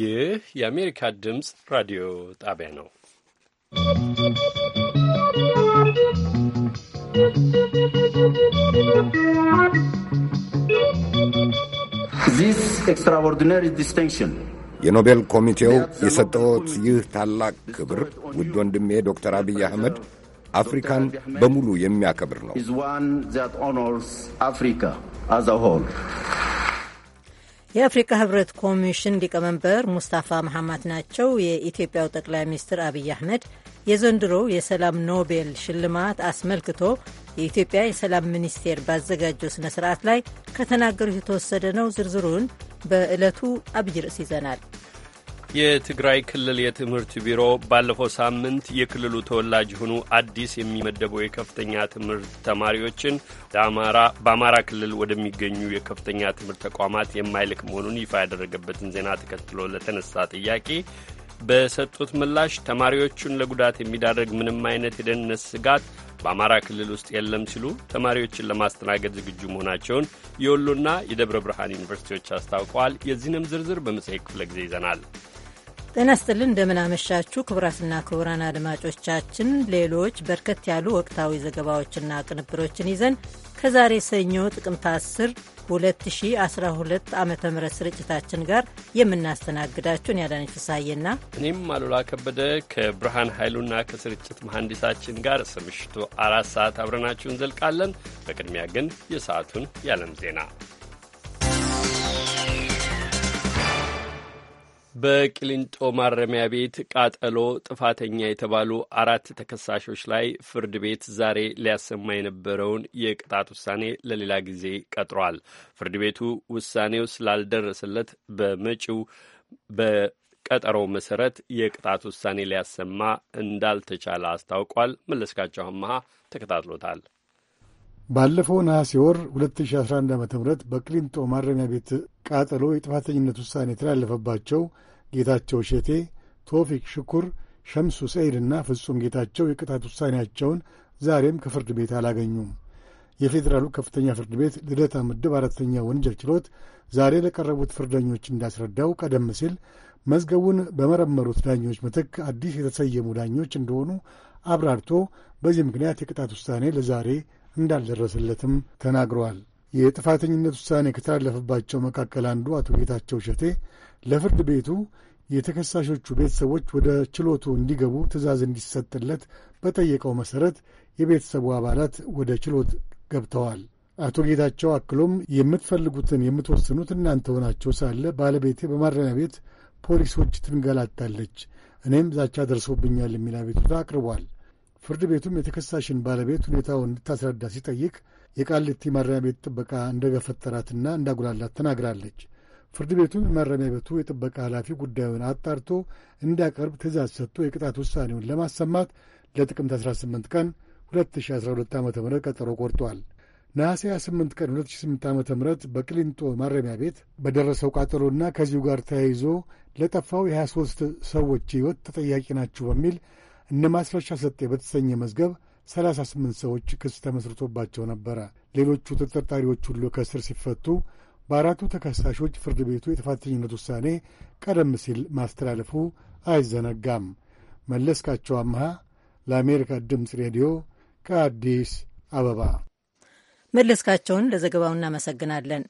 ይህ የአሜሪካ ድምፅ ራዲዮ ጣቢያ ነው። የኖቤል ኮሚቴው የሰጠዎት ይህ ታላቅ ክብር ውድ ወንድሜ ዶክተር አብይ አህመድ አፍሪካን በሙሉ የሚያከብር ነው። የአፍሪካ ህብረት ኮሚሽን ሊቀመንበር ሙስታፋ መሐማት ናቸው። የኢትዮጵያው ጠቅላይ ሚኒስትር አብይ አህመድ የዘንድሮው የሰላም ኖቤል ሽልማት አስመልክቶ የኢትዮጵያ የሰላም ሚኒስቴር ባዘጋጀው ስነ ስርዓት ላይ ከተናገሩት የተወሰደ ነው። ዝርዝሩን በዕለቱ አብይ ርዕስ ይዘናል። የትግራይ ክልል የትምህርት ቢሮ ባለፈው ሳምንት የክልሉ ተወላጅ የሆኑ አዲስ የሚመደቡ የከፍተኛ ትምህርት ተማሪዎችን በአማራ ክልል ወደሚገኙ የከፍተኛ ትምህርት ተቋማት የማይልክ መሆኑን ይፋ ያደረገበትን ዜና ተከትሎ ለተነሳ ጥያቄ በሰጡት ምላሽ ተማሪዎቹን ለጉዳት የሚዳረግ ምንም አይነት የደህንነት ስጋት በአማራ ክልል ውስጥ የለም ሲሉ ተማሪዎችን ለማስተናገድ ዝግጁ መሆናቸውን የወሎና የደብረ ብርሃን ዩኒቨርሲቲዎች አስታውቀዋል። የዚህንም ዝርዝር በመጽሔት ክፍለ ጊዜ ይዘናል። ጤና ስጥልን እንደምን አመሻችሁ ክቡራትና ክቡራን አድማጮቻችን። ሌሎች በርከት ያሉ ወቅታዊ ዘገባዎችና ቅንብሮችን ይዘን ከዛሬ ሰኞ ጥቅምት 10 2012 ዓ ም ስርጭታችን ጋር የምናስተናግዳችሁን ያዳነች ፍሳዬና እኔም አሉላ ከበደ ከብርሃን ኃይሉና ከስርጭት መሐንዲሳችን ጋር እስከ ምሽቱ አራት ሰዓት አብረናችሁ እንዘልቃለን። በቅድሚያ ግን የሰዓቱን የዓለም ዜና በቅሊንጦ ማረሚያ ቤት ቃጠሎ ጥፋተኛ የተባሉ አራት ተከሳሾች ላይ ፍርድ ቤት ዛሬ ሊያሰማ የነበረውን የቅጣት ውሳኔ ለሌላ ጊዜ ቀጥሯል። ፍርድ ቤቱ ውሳኔው ስላልደረሰለት በመጪው በቀጠሮው መሰረት የቅጣት ውሳኔ ሊያሰማ እንዳልተቻለ አስታውቋል። መለስካቸው አመሃ ተከታትሎታል። ባለፈው ነሐሴ ወር 2011 ዓ ም በቅሊንጦ ማረሚያ ቤት ቃጠሎ የጥፋተኝነት ውሳኔ የተላለፈባቸው ጌታቸው ሼቴ፣ ቶፊክ ሽኩር፣ ሸምሱ ሰዒድና ፍጹም ጌታቸው የቅጣት ውሳኔያቸውን ዛሬም ከፍርድ ቤት አላገኙም። የፌዴራሉ ከፍተኛ ፍርድ ቤት ልደታ ምድብ አራተኛ ወንጀል ችሎት ዛሬ ለቀረቡት ፍርደኞች እንዳስረዳው ቀደም ሲል መዝገቡን በመረመሩት ዳኞች ምትክ አዲስ የተሰየሙ ዳኞች እንደሆኑ አብራርቶ በዚህ ምክንያት የቅጣት ውሳኔ ለዛሬ እንዳልደረሰለትም ተናግረዋል። የጥፋተኝነት ውሳኔ ከታለፈባቸው መካከል አንዱ አቶ ጌታቸው ሸቴ ለፍርድ ቤቱ የተከሳሾቹ ቤተሰቦች ወደ ችሎቱ እንዲገቡ ትዕዛዝ እንዲሰጥለት በጠየቀው መሠረት የቤተሰቡ አባላት ወደ ችሎት ገብተዋል። አቶ ጌታቸው አክሎም የምትፈልጉትን የምትወስኑት እናንተ ሆናቸው ሳለ ባለቤቴ በማረሚያ ቤት ፖሊሶች ትንገላታለች፣ እኔም ዛቻ ደርሶብኛል የሚል አቤቱታ አቅርቧል። ፍርድ ቤቱም የተከሳሽን ባለቤት ሁኔታውን እንድታስረዳ ሲጠይቅ የቃሊቲ ማረሚያ ቤት ጥበቃ እንደገፈጠራትና እንዳጉላላት ተናግራለች። ፍርድ ቤቱም የማረሚያ ቤቱ የጥበቃ ኃላፊ ጉዳዩን አጣርቶ እንዲያቀርብ ትእዛዝ ሰጥቶ የቅጣት ውሳኔውን ለማሰማት ለጥቅምት 18 ቀን 2012 ዓ ም ቀጠሮ ቆርጧል። ነሐሴ 28 ቀን 2008 ዓ ም በቅሊንጦ ማረሚያ ቤት በደረሰው ቃጠሎና ከዚሁ ጋር ተያይዞ ለጠፋው የ23 ሰዎች ሕይወት ተጠያቂ ናችሁ በሚል እነ ማስረሻ ሰጤ በተሰኘ መዝገብ 38 ሰዎች ክስ ተመስርቶባቸው ነበረ። ሌሎቹ ተጠርጣሪዎች ሁሉ ከእስር ሲፈቱ በአራቱ ተከሳሾች ፍርድ ቤቱ የጥፋተኝነት ውሳኔ ቀደም ሲል ማስተላለፉ አይዘነጋም። መለስካቸው አምሃ ለአሜሪካ ድምፅ ሬዲዮ ከአዲስ አበባ። መለስካቸውን ለዘገባው እናመሰግናለን።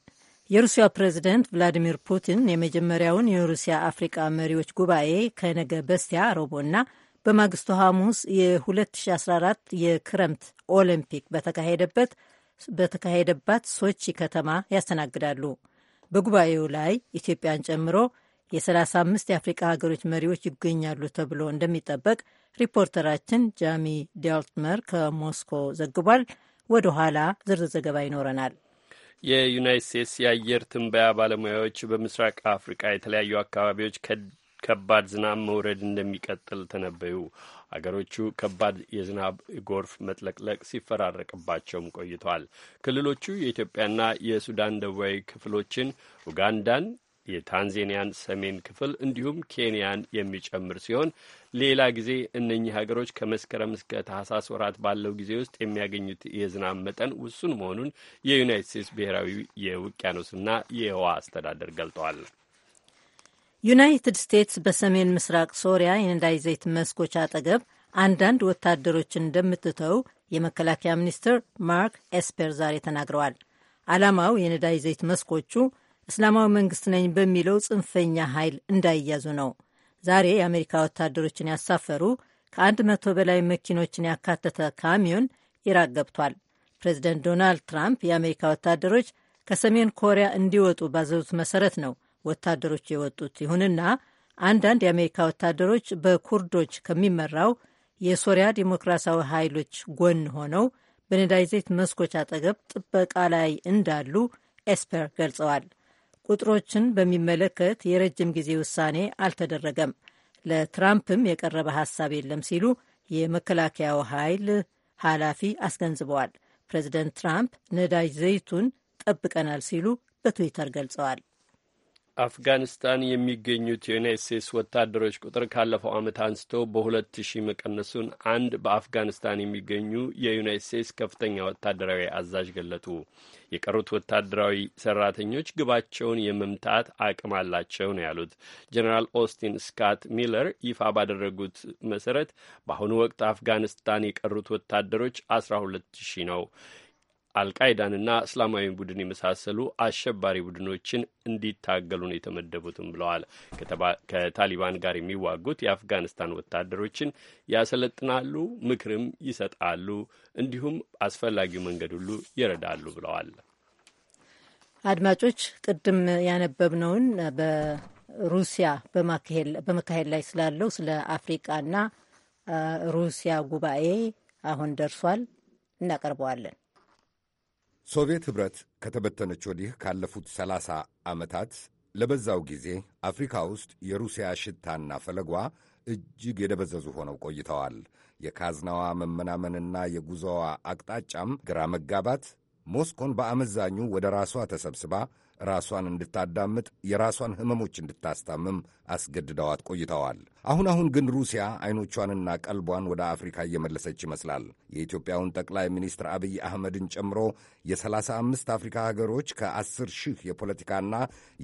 የሩሲያ ፕሬዚደንት ቭላዲሚር ፑቲን የመጀመሪያውን የሩሲያ አፍሪቃ መሪዎች ጉባኤ ከነገ በስቲያ ሮቦና ። በማግስቱ ሐሙስ የ2014 የክረምት ኦሎምፒክ በተካሄደበት በተካሄደባት ሶቺ ከተማ ያስተናግዳሉ። በጉባኤው ላይ ኢትዮጵያን ጨምሮ የ35 የአፍሪቃ ሀገሮች መሪዎች ይገኛሉ ተብሎ እንደሚጠበቅ ሪፖርተራችን ጃሚ ዲያልትመር ከሞስኮ ዘግቧል። ወደ ኋላ ዝርዝር ዘገባ ይኖረናል። የዩናይት ስቴትስ የአየር ትንበያ ባለሙያዎች በምስራቅ አፍሪቃ የተለያዩ አካባቢዎች ከባድ ዝናብ መውረድ እንደሚቀጥል ተነበዩ። አገሮቹ ከባድ የዝናብ ጎርፍ መጥለቅለቅ ሲፈራረቅባቸውም ቆይተዋል። ክልሎቹ የኢትዮጵያና የሱዳን ደቡባዊ ክፍሎችን፣ ኡጋንዳን፣ የታንዜኒያን ሰሜን ክፍል እንዲሁም ኬንያን የሚጨምር ሲሆን ሌላ ጊዜ እነኚህ ሀገሮች ከመስከረም እስከ ታህሳስ ወራት ባለው ጊዜ ውስጥ የሚያገኙት የዝናብ መጠን ውሱን መሆኑን የዩናይትድ ስቴትስ ብሔራዊ የውቅያኖስና የህዋ አስተዳደር ገልጠዋል። ዩናይትድ ስቴትስ በሰሜን ምስራቅ ሶሪያ የነዳጅ ዘይት መስኮች አጠገብ አንዳንድ ወታደሮችን እንደምትተው የመከላከያ ሚኒስትር ማርክ ኤስፐር ዛሬ ተናግረዋል። ዓላማው የነዳጅ ዘይት መስኮቹ እስላማዊ መንግስት ነኝ በሚለው ጽንፈኛ ኃይል እንዳይያዙ ነው። ዛሬ የአሜሪካ ወታደሮችን ያሳፈሩ ከአንድ መቶ በላይ መኪኖችን ያካተተ ካሚዮን ኢራቅ ገብቷል። ፕሬዚደንት ዶናልድ ትራምፕ የአሜሪካ ወታደሮች ከሰሜን ኮሪያ እንዲወጡ ባዘዙት መሰረት ነው ወታደሮች የወጡት። ይሁንና አንዳንድ የአሜሪካ ወታደሮች በኩርዶች ከሚመራው የሶሪያ ዲሞክራሲያዊ ኃይሎች ጎን ሆነው በነዳጅ ዘይት መስኮች አጠገብ ጥበቃ ላይ እንዳሉ ኤስፐር ገልጸዋል። ቁጥሮችን በሚመለከት የረጅም ጊዜ ውሳኔ አልተደረገም፣ ለትራምፕም የቀረበ ሀሳብ የለም ሲሉ የመከላከያው ኃይል ኃላፊ አስገንዝበዋል። ፕሬዚደንት ትራምፕ ነዳጅ ዘይቱን ጠብቀናል ሲሉ በትዊተር ገልጸዋል። አፍጋኒስታን የሚገኙት የዩናይት ስቴትስ ወታደሮች ቁጥር ካለፈው ዓመት አንስቶ በሁለት ሺህ መቀነሱን አንድ በአፍጋኒስታን የሚገኙ የዩናይት ስቴትስ ከፍተኛ ወታደራዊ አዛዥ ገለጡ። የቀሩት ወታደራዊ ሰራተኞች ግባቸውን የመምታት አቅም አላቸው ነው ያሉት ጀኔራል ኦስቲን ስካት ሚለር ይፋ ባደረጉት መሰረት በአሁኑ ወቅት አፍጋኒስታን የቀሩት ወታደሮች አስራ ሁለት ሺህ ነው። አልቃይዳንና እስላማዊ ቡድን የመሳሰሉ አሸባሪ ቡድኖችን እንዲታገሉ ነው የተመደቡትም ብለዋል። ከታሊባን ጋር የሚዋጉት የአፍጋኒስታን ወታደሮችን ያሰለጥናሉ፣ ምክርም ይሰጣሉ፣ እንዲሁም አስፈላጊው መንገድ ሁሉ ይረዳሉ ብለዋል። አድማጮች ቅድም ያነበብነውን በሩሲያ በመካሄድ ላይ ስላለው ስለ አፍሪቃና ሩሲያ ጉባኤ አሁን ደርሷል፣ እናቀርበዋለን። ሶቪየት ኅብረት ከተበተነች ወዲህ ካለፉት ሰላሳ ዓመታት ለበዛው ጊዜ አፍሪካ ውስጥ የሩሲያ ሽታና ፈለጓ እጅግ የደበዘዙ ሆነው ቆይተዋል። የካዝናዋ መመናመንና የጉዞዋ አቅጣጫም ግራ መጋባት ሞስኮን በአመዛኙ ወደ ራሷ ተሰብስባ ራሷን እንድታዳምጥ፣ የራሷን ህመሞች እንድታስታምም አስገድደዋት ቆይተዋል። አሁን አሁን ግን ሩሲያ አይኖቿንና ቀልቧን ወደ አፍሪካ እየመለሰች ይመስላል። የኢትዮጵያውን ጠቅላይ ሚኒስትር አብይ አህመድን ጨምሮ የ35 አፍሪካ ሀገሮች ከአስር ሺህ የፖለቲካና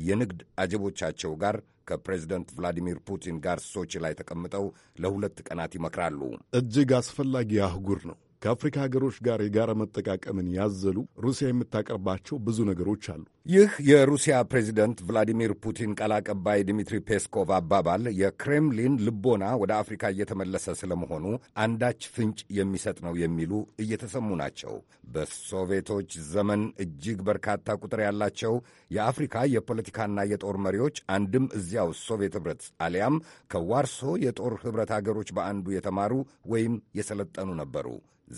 የንግድ አጀቦቻቸው ጋር ከፕሬዚደንት ቭላዲሚር ፑቲን ጋር ሶቺ ላይ ተቀምጠው ለሁለት ቀናት ይመክራሉ። እጅግ አስፈላጊ አህጉር ነው። ከአፍሪካ ሀገሮች ጋር የጋራ መጠቃቀምን ያዘሉ ሩሲያ የምታቀርባቸው ብዙ ነገሮች አሉ። ይህ የሩሲያ ፕሬዚደንት ቭላዲሚር ፑቲን ቃል አቀባይ ድሚትሪ ፔስኮቭ አባባል የክሬምሊን ልቦና ወደ አፍሪካ እየተመለሰ ስለመሆኑ አንዳች ፍንጭ የሚሰጥ ነው የሚሉ እየተሰሙ ናቸው። በሶቪየቶች ዘመን እጅግ በርካታ ቁጥር ያላቸው የአፍሪካ የፖለቲካና የጦር መሪዎች አንድም እዚያው ሶቪየት ኅብረት አሊያም ከዋርሶ የጦር ኅብረት ሀገሮች በአንዱ የተማሩ ወይም የሰለጠኑ ነበሩ።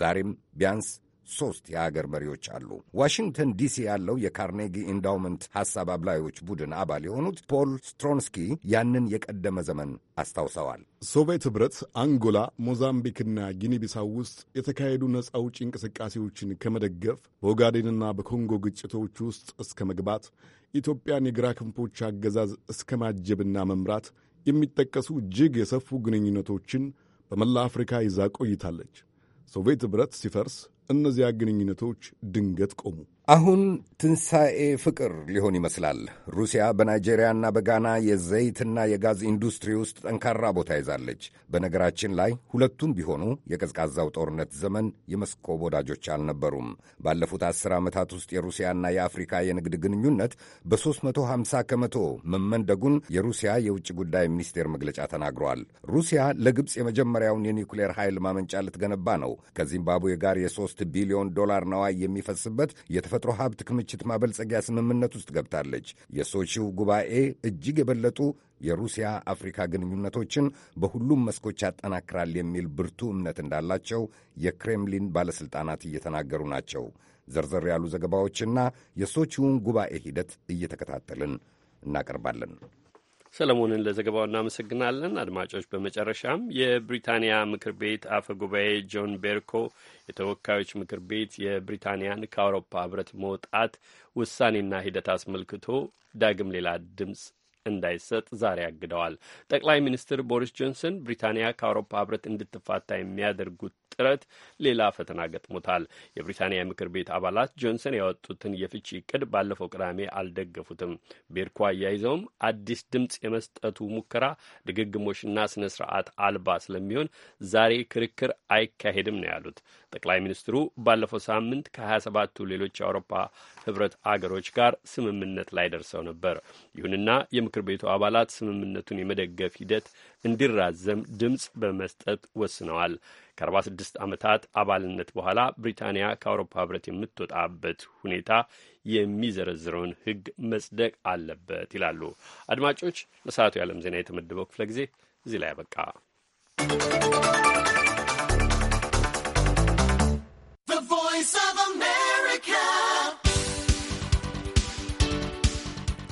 ዛሬም ቢያንስ ሦስት የአገር መሪዎች አሉ። ዋሽንግተን ዲሲ ያለው የካርኔጊ ኢንዳውመንት ሐሳብ አብላዮች ቡድን አባል የሆኑት ፖል ስትሮንስኪ ያንን የቀደመ ዘመን አስታውሰዋል። ሶቪየት ኅብረት አንጎላ፣ ሞዛምቢክና ጊኒቢሳው ውስጥ የተካሄዱ ነፃ አውጪ እንቅስቃሴዎችን ከመደገፍ በኦጋዴንና በኮንጎ ግጭቶች ውስጥ እስከ መግባት ኢትዮጵያን የግራ ክንፎች አገዛዝ እስከ ማጀብና መምራት የሚጠቀሱ እጅግ የሰፉ ግንኙነቶችን በመላ አፍሪካ ይዛ ቆይታለች። ሶቪየት ኅብረት ሲፈርስ እነዚያ ግንኙነቶች ድንገት ቆሙ። አሁን ትንሣኤ ፍቅር ሊሆን ይመስላል። ሩሲያ በናይጄሪያና በጋና የዘይትና የጋዝ ኢንዱስትሪ ውስጥ ጠንካራ ቦታ ይዛለች። በነገራችን ላይ ሁለቱም ቢሆኑ የቀዝቃዛው ጦርነት ዘመን የመስኮብ ወዳጆች አልነበሩም። ባለፉት አስር ዓመታት ውስጥ የሩሲያና የአፍሪካ የንግድ ግንኙነት በ350 ከመቶ መመንደጉን የሩሲያ የውጭ ጉዳይ ሚኒስቴር መግለጫ ተናግሯል። ሩሲያ ለግብፅ የመጀመሪያውን የኒውክሌር ኃይል ማመንጫ ልትገነባ ነው። ከዚምባብዌ ጋር የ3 ቢሊዮን ዶላር ነዋይ የሚፈስበት የተፈጥሮ ሀብት ክምችት ማበልጸጊያ ስምምነት ውስጥ ገብታለች። የሶቺው ጉባኤ እጅግ የበለጡ የሩሲያ አፍሪካ ግንኙነቶችን በሁሉም መስኮች ያጠናክራል የሚል ብርቱ እምነት እንዳላቸው የክሬምሊን ባለሥልጣናት እየተናገሩ ናቸው። ዘርዘር ያሉ ዘገባዎችና የሶቺውን ጉባኤ ሂደት እየተከታተልን እናቀርባለን። ሰለሞንን ለዘገባው እናመሰግናለን። አድማጮች፣ በመጨረሻም የብሪታንያ ምክር ቤት አፈ ጉባኤ ጆን ቤርኮ የተወካዮች ምክር ቤት የብሪታንያን ከአውሮፓ ህብረት መውጣት ውሳኔና ሂደት አስመልክቶ ዳግም ሌላ ድምፅ እንዳይሰጥ ዛሬ አግደዋል። ጠቅላይ ሚኒስትር ቦሪስ ጆንሰን ብሪታንያ ከአውሮፓ ህብረት እንድትፋታ የሚያደርጉት ጥረት ሌላ ፈተና ገጥሞታል። የብሪታንያ ምክር ቤት አባላት ጆንሰን ያወጡትን የፍቺ እቅድ ባለፈው ቅዳሜ አልደገፉትም። ቤርኮ አያይዘውም አዲስ ድምፅ የመስጠቱ ሙከራ ድግግሞሽና ስነ ስርዓት አልባ ስለሚሆን ዛሬ ክርክር አይካሄድም ነው ያሉት። ጠቅላይ ሚኒስትሩ ባለፈው ሳምንት ከ27ቱ ሌሎች የአውሮፓ ህብረት አገሮች ጋር ስምምነት ላይ ደርሰው ነበር። ይሁንና የምክር ቤቱ አባላት ስምምነቱን የመደገፍ ሂደት እንዲራዘም ድምፅ በመስጠት ወስነዋል። ከ46 ዓመታት አባልነት በኋላ ብሪታንያ ከአውሮፓ ህብረት የምትወጣበት ሁኔታ የሚዘረዝረውን ህግ መጽደቅ አለበት ይላሉ። አድማጮች፣ ለሰዓቱ የዓለም ዜና የተመደበው ክፍለ ጊዜ እዚህ ላይ አበቃ።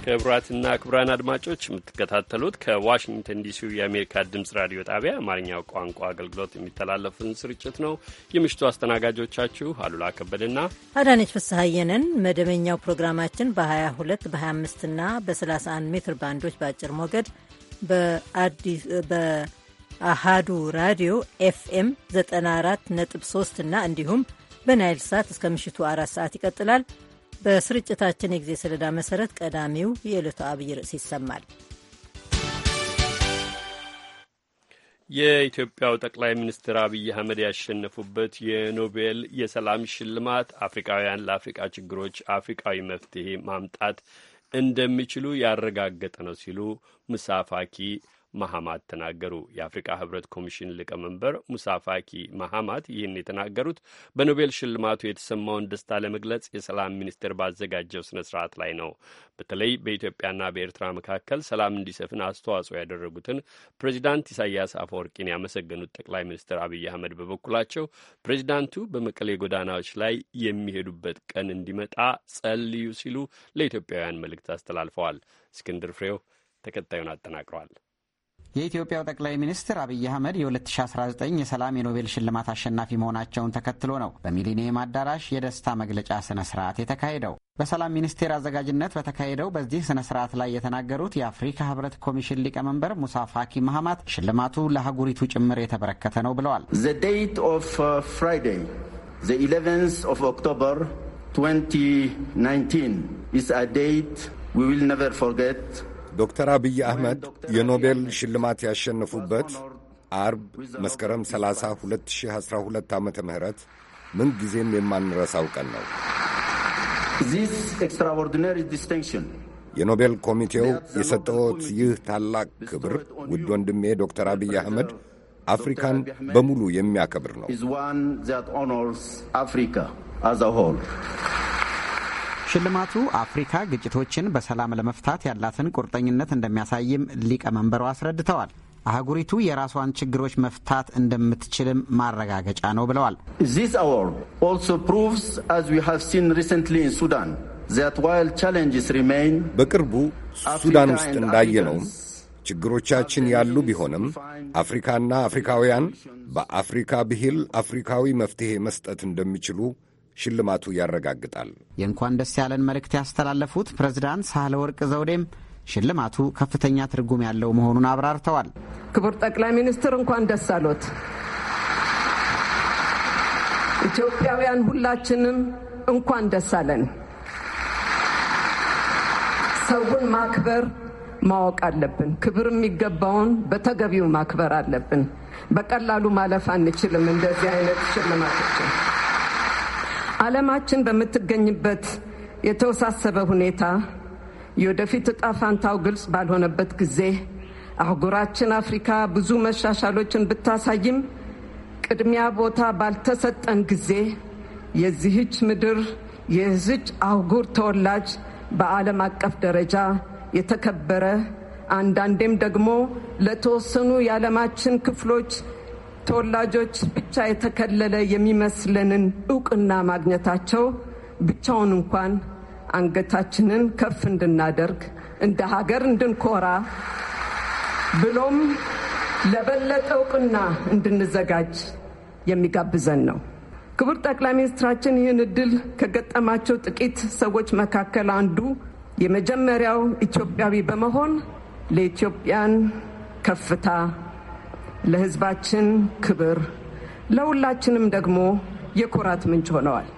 ክቡራትና ክቡራን አድማጮች የምትከታተሉት ከዋሽንግተን ዲሲው የአሜሪካ ድምጽ ራዲዮ ጣቢያ የአማርኛው ቋንቋ አገልግሎት የሚተላለፉን ስርጭት ነው። የምሽቱ አስተናጋጆቻችሁ አሉላ ከበደና አዳነች ፍስሐየንን። መደበኛው ፕሮግራማችን በ22 በ25 እና በ31 ሜትር ባንዶች በአጭር ሞገድ በአሃዱ ራዲዮ ኤፍኤም 94.3 እና እንዲሁም በናይል ሳት እስከ ምሽቱ አራት ሰዓት ይቀጥላል። በስርጭታችን የጊዜ ሰሌዳ መሰረት ቀዳሚው የዕለቱ አብይ ርዕስ ይሰማል። የኢትዮጵያው ጠቅላይ ሚኒስትር አብይ አህመድ ያሸነፉበት የኖቤል የሰላም ሽልማት አፍሪካውያን ለአፍሪቃ ችግሮች አፍሪቃዊ መፍትሄ ማምጣት እንደሚችሉ ያረጋገጠ ነው ሲሉ ሙሳ ፋኪ ማሃማት ተናገሩ። የአፍሪቃ ህብረት ኮሚሽን ሊቀመንበር ሙሳ ፋኪ ይህን የተናገሩት በኖቤል ሽልማቱ የተሰማውን ደስታ ለመግለጽ የሰላም ሚኒስቴር ባዘጋጀው ስነ ስርዓት ላይ ነው። በተለይ በኢትዮጵያና በኤርትራ መካከል ሰላም እንዲሰፍን አስተዋጽኦ ያደረጉትን ፕሬዚዳንት ኢሳያስ አፈወርቂን ያመሰገኑት ጠቅላይ ሚኒስትር አብይ አህመድ በበኩላቸው ፕሬዚዳንቱ በመቀሌ ጎዳናዎች ላይ የሚሄዱበት ቀን እንዲመጣ ጸልዩ ሲሉ ለኢትዮጵያውያን መልእክት አስተላልፈዋል። እስክንድር ፍሬው ተከታዩን አጠናቅሯል። የኢትዮጵያው ጠቅላይ ሚኒስትር አብይ አህመድ የ2019 የሰላም የኖቤል ሽልማት አሸናፊ መሆናቸውን ተከትሎ ነው በሚሊኒየም አዳራሽ የደስታ መግለጫ ስነ ስርዓት የተካሄደው። በሰላም ሚኒስቴር አዘጋጅነት በተካሄደው በዚህ ስነ ስርዓት ላይ የተናገሩት የአፍሪካ ህብረት ኮሚሽን ሊቀመንበር ሙሳ ፋኪ መሐማት ሽልማቱ ለአህጉሪቱ ጭምር የተበረከተ ነው ብለዋል። ዘ ኦፍ ፍራይዴይ ዘ ኢሌቨንስ ኦፍ ኦክቶበር 2019 ኢዝ አ ዊ ዊል ነቨር ፎርጌት ዶክተር አብይ አህመድ የኖቤል ሽልማት ያሸነፉበት አርብ መስከረም 30 2012 ዓመተ ምህረት ምንጊዜም የማንረሳው ቀን ነው። የኖቤል ኮሚቴው የሰጠዎት ይህ ታላቅ ክብር ውድ ወንድሜ ዶክተር አብይ አህመድ አፍሪካን በሙሉ የሚያከብር ነው። ሽልማቱ አፍሪካ ግጭቶችን በሰላም ለመፍታት ያላትን ቁርጠኝነት እንደሚያሳይም ሊቀመንበሩ አስረድተዋል። አህጉሪቱ የራሷን ችግሮች መፍታት እንደምትችልም ማረጋገጫ ነው ብለዋል። ዚስ አዋርድ ኦልሶ ፕሩቭስ አዝ ዊ ሃቭ ሲን ሪሰንትሊ ኢን ሱዳን ዛት ዋይል ቻሌንጅስ ሪሜይን በቅርቡ ሱዳን ውስጥ እንዳየነውም ችግሮቻችን ያሉ ቢሆንም አፍሪካና አፍሪካውያን በአፍሪካ ብሂል አፍሪካዊ መፍትሔ መስጠት እንደሚችሉ ሽልማቱ ያረጋግጣል። የእንኳን ደስ ያለን መልእክት ያስተላለፉት ፕሬዝዳንት ሳህለ ወርቅ ዘውዴም ሽልማቱ ከፍተኛ ትርጉም ያለው መሆኑን አብራርተዋል። ክቡር ጠቅላይ ሚኒስትር እንኳን ደስ አሎት። ኢትዮጵያውያን ሁላችንም እንኳን ደስ አለን። ሰውን ማክበር ማወቅ አለብን። ክብር የሚገባውን በተገቢው ማክበር አለብን። በቀላሉ ማለፍ አንችልም እንደዚህ አይነት ሽልማቶችን ዓለማችን በምትገኝበት የተወሳሰበ ሁኔታ የወደፊት እጣ ፋንታው ግልጽ ባልሆነበት ጊዜ አህጉራችን አፍሪካ ብዙ መሻሻሎችን ብታሳይም ቅድሚያ ቦታ ባልተሰጠን ጊዜ የዚህች ምድር የዚች አህጉር ተወላጅ በዓለም አቀፍ ደረጃ የተከበረ አንዳንዴም ደግሞ ለተወሰኑ የዓለማችን ክፍሎች ተወላጆች ብቻ የተከለለ የሚመስለንን እውቅና ማግኘታቸው ብቻውን እንኳን አንገታችንን ከፍ እንድናደርግ እንደ ሀገር እንድንኮራ ብሎም ለበለጠ እውቅና እንድንዘጋጅ የሚጋብዘን ነው። ክቡር ጠቅላይ ሚኒስትራችን ይህን እድል ከገጠማቸው ጥቂት ሰዎች መካከል አንዱ የመጀመሪያው ኢትዮጵያዊ በመሆን ለኢትዮጵያን ከፍታ ለህዝባችን ክብር ለሁላችንም ደግሞ የኩራት ምንጭ ሆነዋል።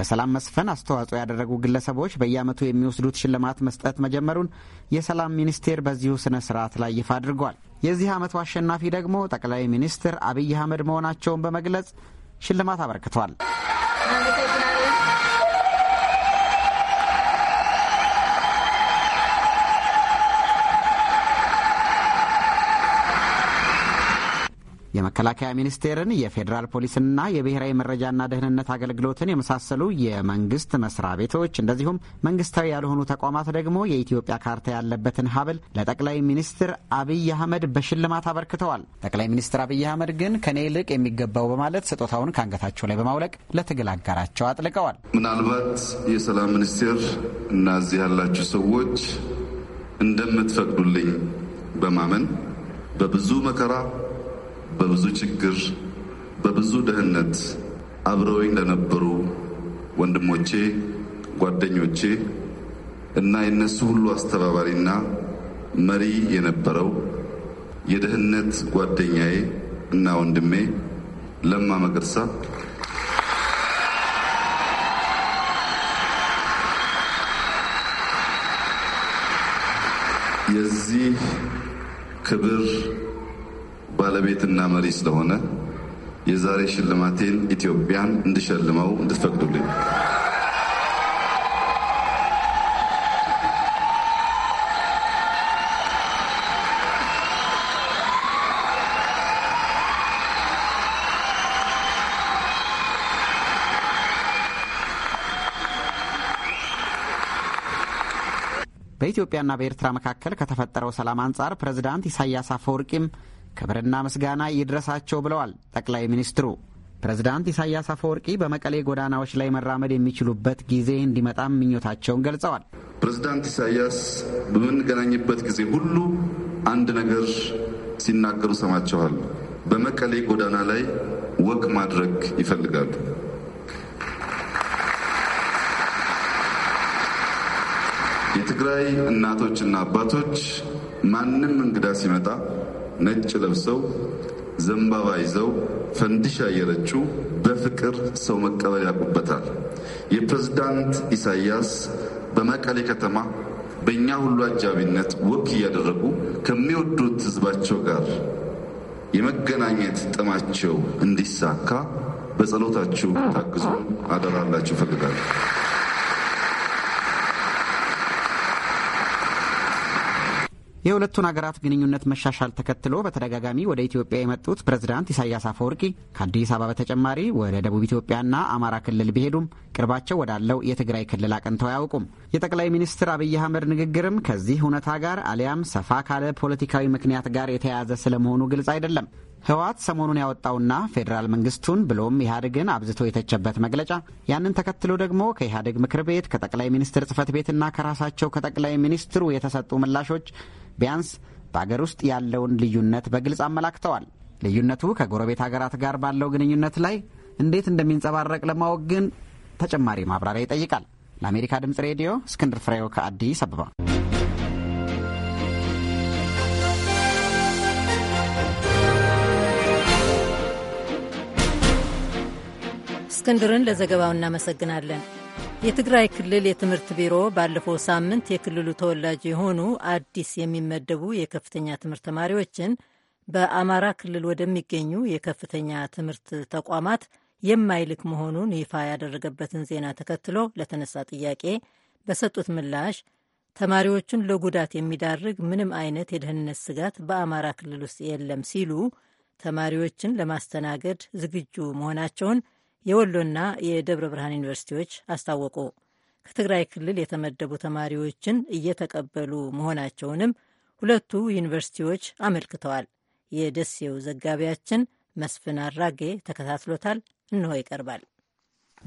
ለሰላም መስፈን አስተዋጽኦ ያደረጉ ግለሰቦች በየዓመቱ የሚወስዱት ሽልማት መስጠት መጀመሩን የሰላም ሚኒስቴር በዚሁ ስነ ስርዓት ላይ ይፋ አድርጓል። የዚህ ዓመቱ አሸናፊ ደግሞ ጠቅላይ ሚኒስትር አብይ አህመድ መሆናቸውን በመግለጽ ሽልማት አበርክቷል። የመከላከያ ሚኒስቴርን፣ የፌዴራል ፖሊስና የብሔራዊ መረጃና ደህንነት አገልግሎትን የመሳሰሉ የመንግስት መስሪያ ቤቶች እንደዚሁም መንግስታዊ ያልሆኑ ተቋማት ደግሞ የኢትዮጵያ ካርታ ያለበትን ሀብል ለጠቅላይ ሚኒስትር አብይ አህመድ በሽልማት አበርክተዋል። ጠቅላይ ሚኒስትር አብይ አህመድ ግን ከኔ ይልቅ የሚገባው በማለት ስጦታውን ከአንገታቸው ላይ በማውለቅ ለትግል አጋራቸው አጥልቀዋል። ምናልባት የሰላም ሚኒስቴር እና እዚህ ያላችሁ ሰዎች እንደምትፈቅዱልኝ በማመን በብዙ መከራ በብዙ ችግር፣ በብዙ ደህንነት አብረውኝ ለነበሩ ወንድሞቼ፣ ጓደኞቼ እና የነሱ ሁሉ አስተባባሪና መሪ የነበረው የደህንነት ጓደኛዬ እና ወንድሜ ለማ መገርሳ የዚህ ክብር ባለቤትና መሪ ስለሆነ የዛሬ ሽልማቴን ኢትዮጵያን እንድሸልመው እንድትፈቅዱልኝ በኢትዮጵያና በኤርትራ መካከል ከተፈጠረው ሰላም አንጻር ፕሬዝዳንት ኢሳያስ አፈወርቂም ክብርና ምስጋና ይድረሳቸው ብለዋል ጠቅላይ ሚኒስትሩ። ፕሬዝዳንት ኢሳያስ አፈወርቂ በመቀሌ ጎዳናዎች ላይ መራመድ የሚችሉበት ጊዜ እንዲመጣም ምኞታቸውን ገልጸዋል። ፕሬዝዳንት ኢሳያስ በምንገናኝበት ጊዜ ሁሉ አንድ ነገር ሲናገሩ ሰማቸዋል። በመቀሌ ጎዳና ላይ ወቅ ማድረግ ይፈልጋሉ። የትግራይ እናቶችና አባቶች ማንም እንግዳ ሲመጣ ነጭ ለብሰው ዘንባባ ይዘው ፈንዲሻ እየረጩ በፍቅር ሰው መቀበል ያውቁበታል። የፕሬዝዳንት ኢሳያስ በመቀሌ ከተማ በእኛ ሁሉ አጃቢነት ወክ እያደረጉ ከሚወዱት ህዝባቸው ጋር የመገናኘት ጥማቸው እንዲሳካ በጸሎታችሁ ታግዙ አደራላችሁ እፈልጋለሁ። የሁለቱን ሀገራት ግንኙነት መሻሻል ተከትሎ በተደጋጋሚ ወደ ኢትዮጵያ የመጡት ፕሬዝዳንት ኢሳያስ አፈወርቂ ከአዲስ አበባ በተጨማሪ ወደ ደቡብ ኢትዮጵያና አማራ ክልል ቢሄዱም ቅርባቸው ወዳለው የትግራይ ክልል አቅንተው አያውቁም። የጠቅላይ ሚኒስትር አብይ አህመድ ንግግርም ከዚህ እውነታ ጋር አሊያም ሰፋ ካለ ፖለቲካዊ ምክንያት ጋር የተያያዘ ስለመሆኑ ግልጽ አይደለም። ህወሓት ሰሞኑን ያወጣውና ፌዴራል መንግስቱን ብሎም ኢህአዴግን አብዝቶ የተቸበት መግለጫ ያንን ተከትሎ ደግሞ ከኢህአዴግ ምክር ቤት ከጠቅላይ ሚኒስትር ጽህፈት ቤትና ከራሳቸው ከጠቅላይ ሚኒስትሩ የተሰጡ ምላሾች ቢያንስ በአገር ውስጥ ያለውን ልዩነት በግልጽ አመላክተዋል። ልዩነቱ ከጎረቤት ሀገራት ጋር ባለው ግንኙነት ላይ እንዴት እንደሚንጸባረቅ ለማወቅ ግን ተጨማሪ ማብራሪያ ይጠይቃል። ለአሜሪካ ድምፅ ሬዲዮ እስክንድር ፍሬው ከአዲስ አበባ። እስክንድርን ለዘገባው እናመሰግናለን። የትግራይ ክልል የትምህርት ቢሮ ባለፈው ሳምንት የክልሉ ተወላጅ የሆኑ አዲስ የሚመደቡ የከፍተኛ ትምህርት ተማሪዎችን በአማራ ክልል ወደሚገኙ የከፍተኛ ትምህርት ተቋማት የማይልክ መሆኑን ይፋ ያደረገበትን ዜና ተከትሎ ለተነሳ ጥያቄ በሰጡት ምላሽ ተማሪዎቹን ለጉዳት የሚዳርግ ምንም አይነት የደህንነት ስጋት በአማራ ክልል ውስጥ የለም ሲሉ ተማሪዎችን ለማስተናገድ ዝግጁ መሆናቸውን የወሎና የደብረ ብርሃን ዩኒቨርሲቲዎች አስታወቁ። ከትግራይ ክልል የተመደቡ ተማሪዎችን እየተቀበሉ መሆናቸውንም ሁለቱ ዩኒቨርሲቲዎች አመልክተዋል። የደሴው ዘጋቢያችን መስፍን አራጌ ተከታትሎታል፣ እንሆ ይቀርባል።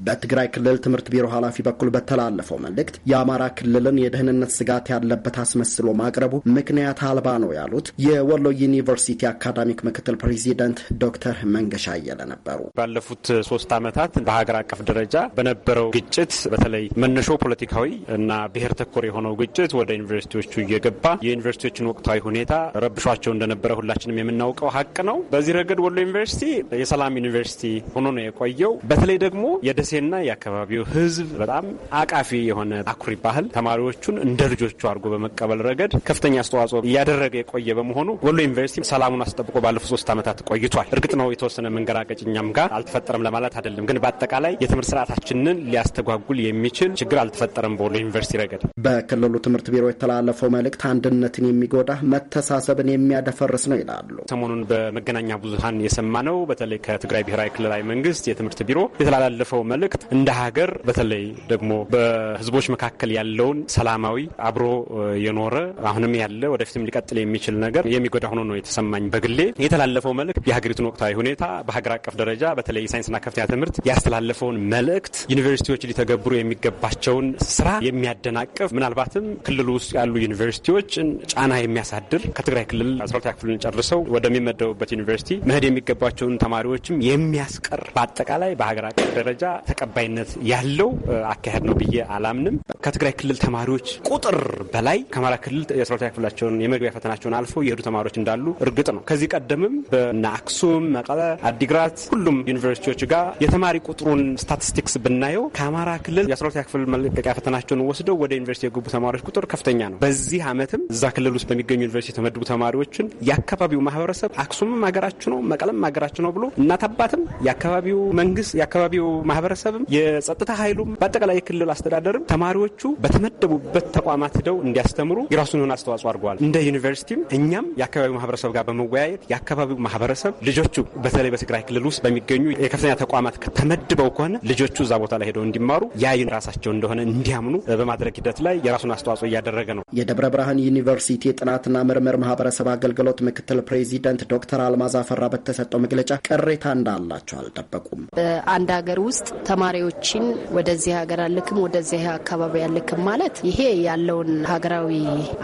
በትግራይ ክልል ትምህርት ቢሮ ኃላፊ በኩል በተላለፈው መልእክት የአማራ ክልልን የደህንነት ስጋት ያለበት አስመስሎ ማቅረቡ ምክንያት አልባ ነው ያሉት የወሎ ዩኒቨርሲቲ አካዳሚክ ምክትል ፕሬዚደንት ዶክተር መንገሻ አየለ ነበሩ። ባለፉት ሶስት ዓመታት በሀገር አቀፍ ደረጃ በነበረው ግጭት በተለይ መነሾ ፖለቲካዊ እና ብሔር ተኮር የሆነው ግጭት ወደ ዩኒቨርሲቲዎቹ እየገባ የዩኒቨርሲቲዎችን ወቅታዊ ሁኔታ ረብሿቸው እንደነበረ ሁላችንም የምናውቀው ሀቅ ነው። በዚህ ረገድ ወሎ ዩኒቨርሲቲ የሰላም ዩኒቨርሲቲ ሆኖ ነው የቆየው። በተለይ ደግሞ ደሴና የአካባቢው ህዝብ በጣም አቃፊ የሆነ አኩሪ ባህል ተማሪዎቹን እንደ ልጆቹ አድርጎ በመቀበል ረገድ ከፍተኛ አስተዋጽኦ እያደረገ የቆየ በመሆኑ ወሎ ዩኒቨርሲቲ ሰላሙን አስጠብቆ ባለፉት ሶስት ዓመታት ቆይቷል። እርግጥ ነው የተወሰነ መንገራቀጭ እኛም ጋር አልተፈጠረም ለማለት አይደለም፣ ግን በአጠቃላይ የትምህርት ስርዓታችንን ሊያስተጓጉል የሚችል ችግር አልተፈጠረም በወሎ ዩኒቨርሲቲ ረገድ። በክልሉ ትምህርት ቢሮ የተላለፈው መልእክት አንድነትን የሚጎዳ መተሳሰብን የሚያደፈርስ ነው ይላሉ። ሰሞኑን በመገናኛ የሰማ ነው። በተለይ ከትግራይ ብሔራዊ ክልላዊ መንግስት የትምህርት ቢሮ የተላለፈው መልእክት እንደ ሀገር በተለይ ደግሞ በህዝቦች መካከል ያለውን ሰላማዊ አብሮ የኖረ አሁንም ያለ ወደፊትም ሊቀጥል የሚችል ነገር የሚጎዳ ሆኖ ነው የተሰማኝ። በግሌ የተላለፈው መልእክት የሀገሪቱን ወቅታዊ ሁኔታ በሀገር አቀፍ ደረጃ በተለይ ሳይንስና ከፍተኛ ትምህርት ያስተላለፈውን መልእክት ዩኒቨርሲቲዎች ሊተገብሩ የሚገባቸውን ስራ የሚያደናቅፍ ምናልባትም ክልሉ ውስጥ ያሉ ዩኒቨርሲቲዎችን ጫና የሚያሳድር ከትግራይ ክልል አስራ ክፍልን ጨርሰው ወደሚመደቡበት ዩኒቨርሲቲ መሄድ የሚገባቸውን ተማሪዎችም የሚያስቀር በአጠቃላይ በሀገር አቀፍ ደረጃ ተቀባይነት ያለው አካሄድ ነው ብዬ አላምንም። ከትግራይ ክልል ተማሪዎች ቁጥር በላይ ከአማራ ክልል የስራታ ክፍላቸውን የመግቢያ ፈተናቸውን አልፎ የሄዱ ተማሪዎች እንዳሉ እርግጥ ነው። ከዚህ ቀደምም በና አክሱም፣ መቀለ፣ አዲግራት ሁሉም ዩኒቨርሲቲዎች ጋር የተማሪ ቁጥሩን ስታቲስቲክስ ብናየው ከአማራ ክልል የአስራሁለተኛ ክፍል መለቀቂያ ፈተናቸውን ወስደው ወደ ዩኒቨርሲቲ የገቡ ተማሪዎች ቁጥር ከፍተኛ ነው። በዚህ ዓመትም እዛ ክልል ውስጥ በሚገኙ ዩኒቨርሲቲ የተመድቡ ተማሪዎችን የአካባቢው ማህበረሰብ አክሱምም ሀገራችሁ ነው፣ መቀለም ሀገራችሁ ነው ብሎ እናት አባትም የአካባቢው መንግስት የአካባቢው ማህበረሰብ ማህበረሰብም የጸጥታ ኃይሉም በአጠቃላይ የክልል አስተዳደርም ተማሪዎቹ በተመደቡበት ተቋማት ሂደው እንዲያስተምሩ የራሱን የሆነ አስተዋጽኦ አድርገዋል። እንደ ዩኒቨርሲቲም እኛም የአካባቢው ማህበረሰብ ጋር በመወያየት የአካባቢው ማህበረሰብ ልጆቹ በተለይ በትግራይ ክልል ውስጥ በሚገኙ የከፍተኛ ተቋማት ተመድበው ከሆነ ልጆቹ እዛ ቦታ ላይ ሄደው እንዲማሩ ያዩን ራሳቸው እንደሆነ እንዲያምኑ በማድረግ ሂደት ላይ የራሱን አስተዋጽኦ እያደረገ ነው። የደብረ ብርሃን ዩኒቨርሲቲ የጥናትና ምርምር ማህበረሰብ አገልግሎት ምክትል ፕሬዚደንት ዶክተር አልማዝ አፈራ በተሰጠው መግለጫ ቅሬታ እንዳላቸው አልጠበቁም። በአንድ ሀገር ውስጥ ተማሪዎችን ወደዚህ ሀገር አልክም ወደዚህ አካባቢ አልክም ማለት ይሄ ያለውን ሀገራዊ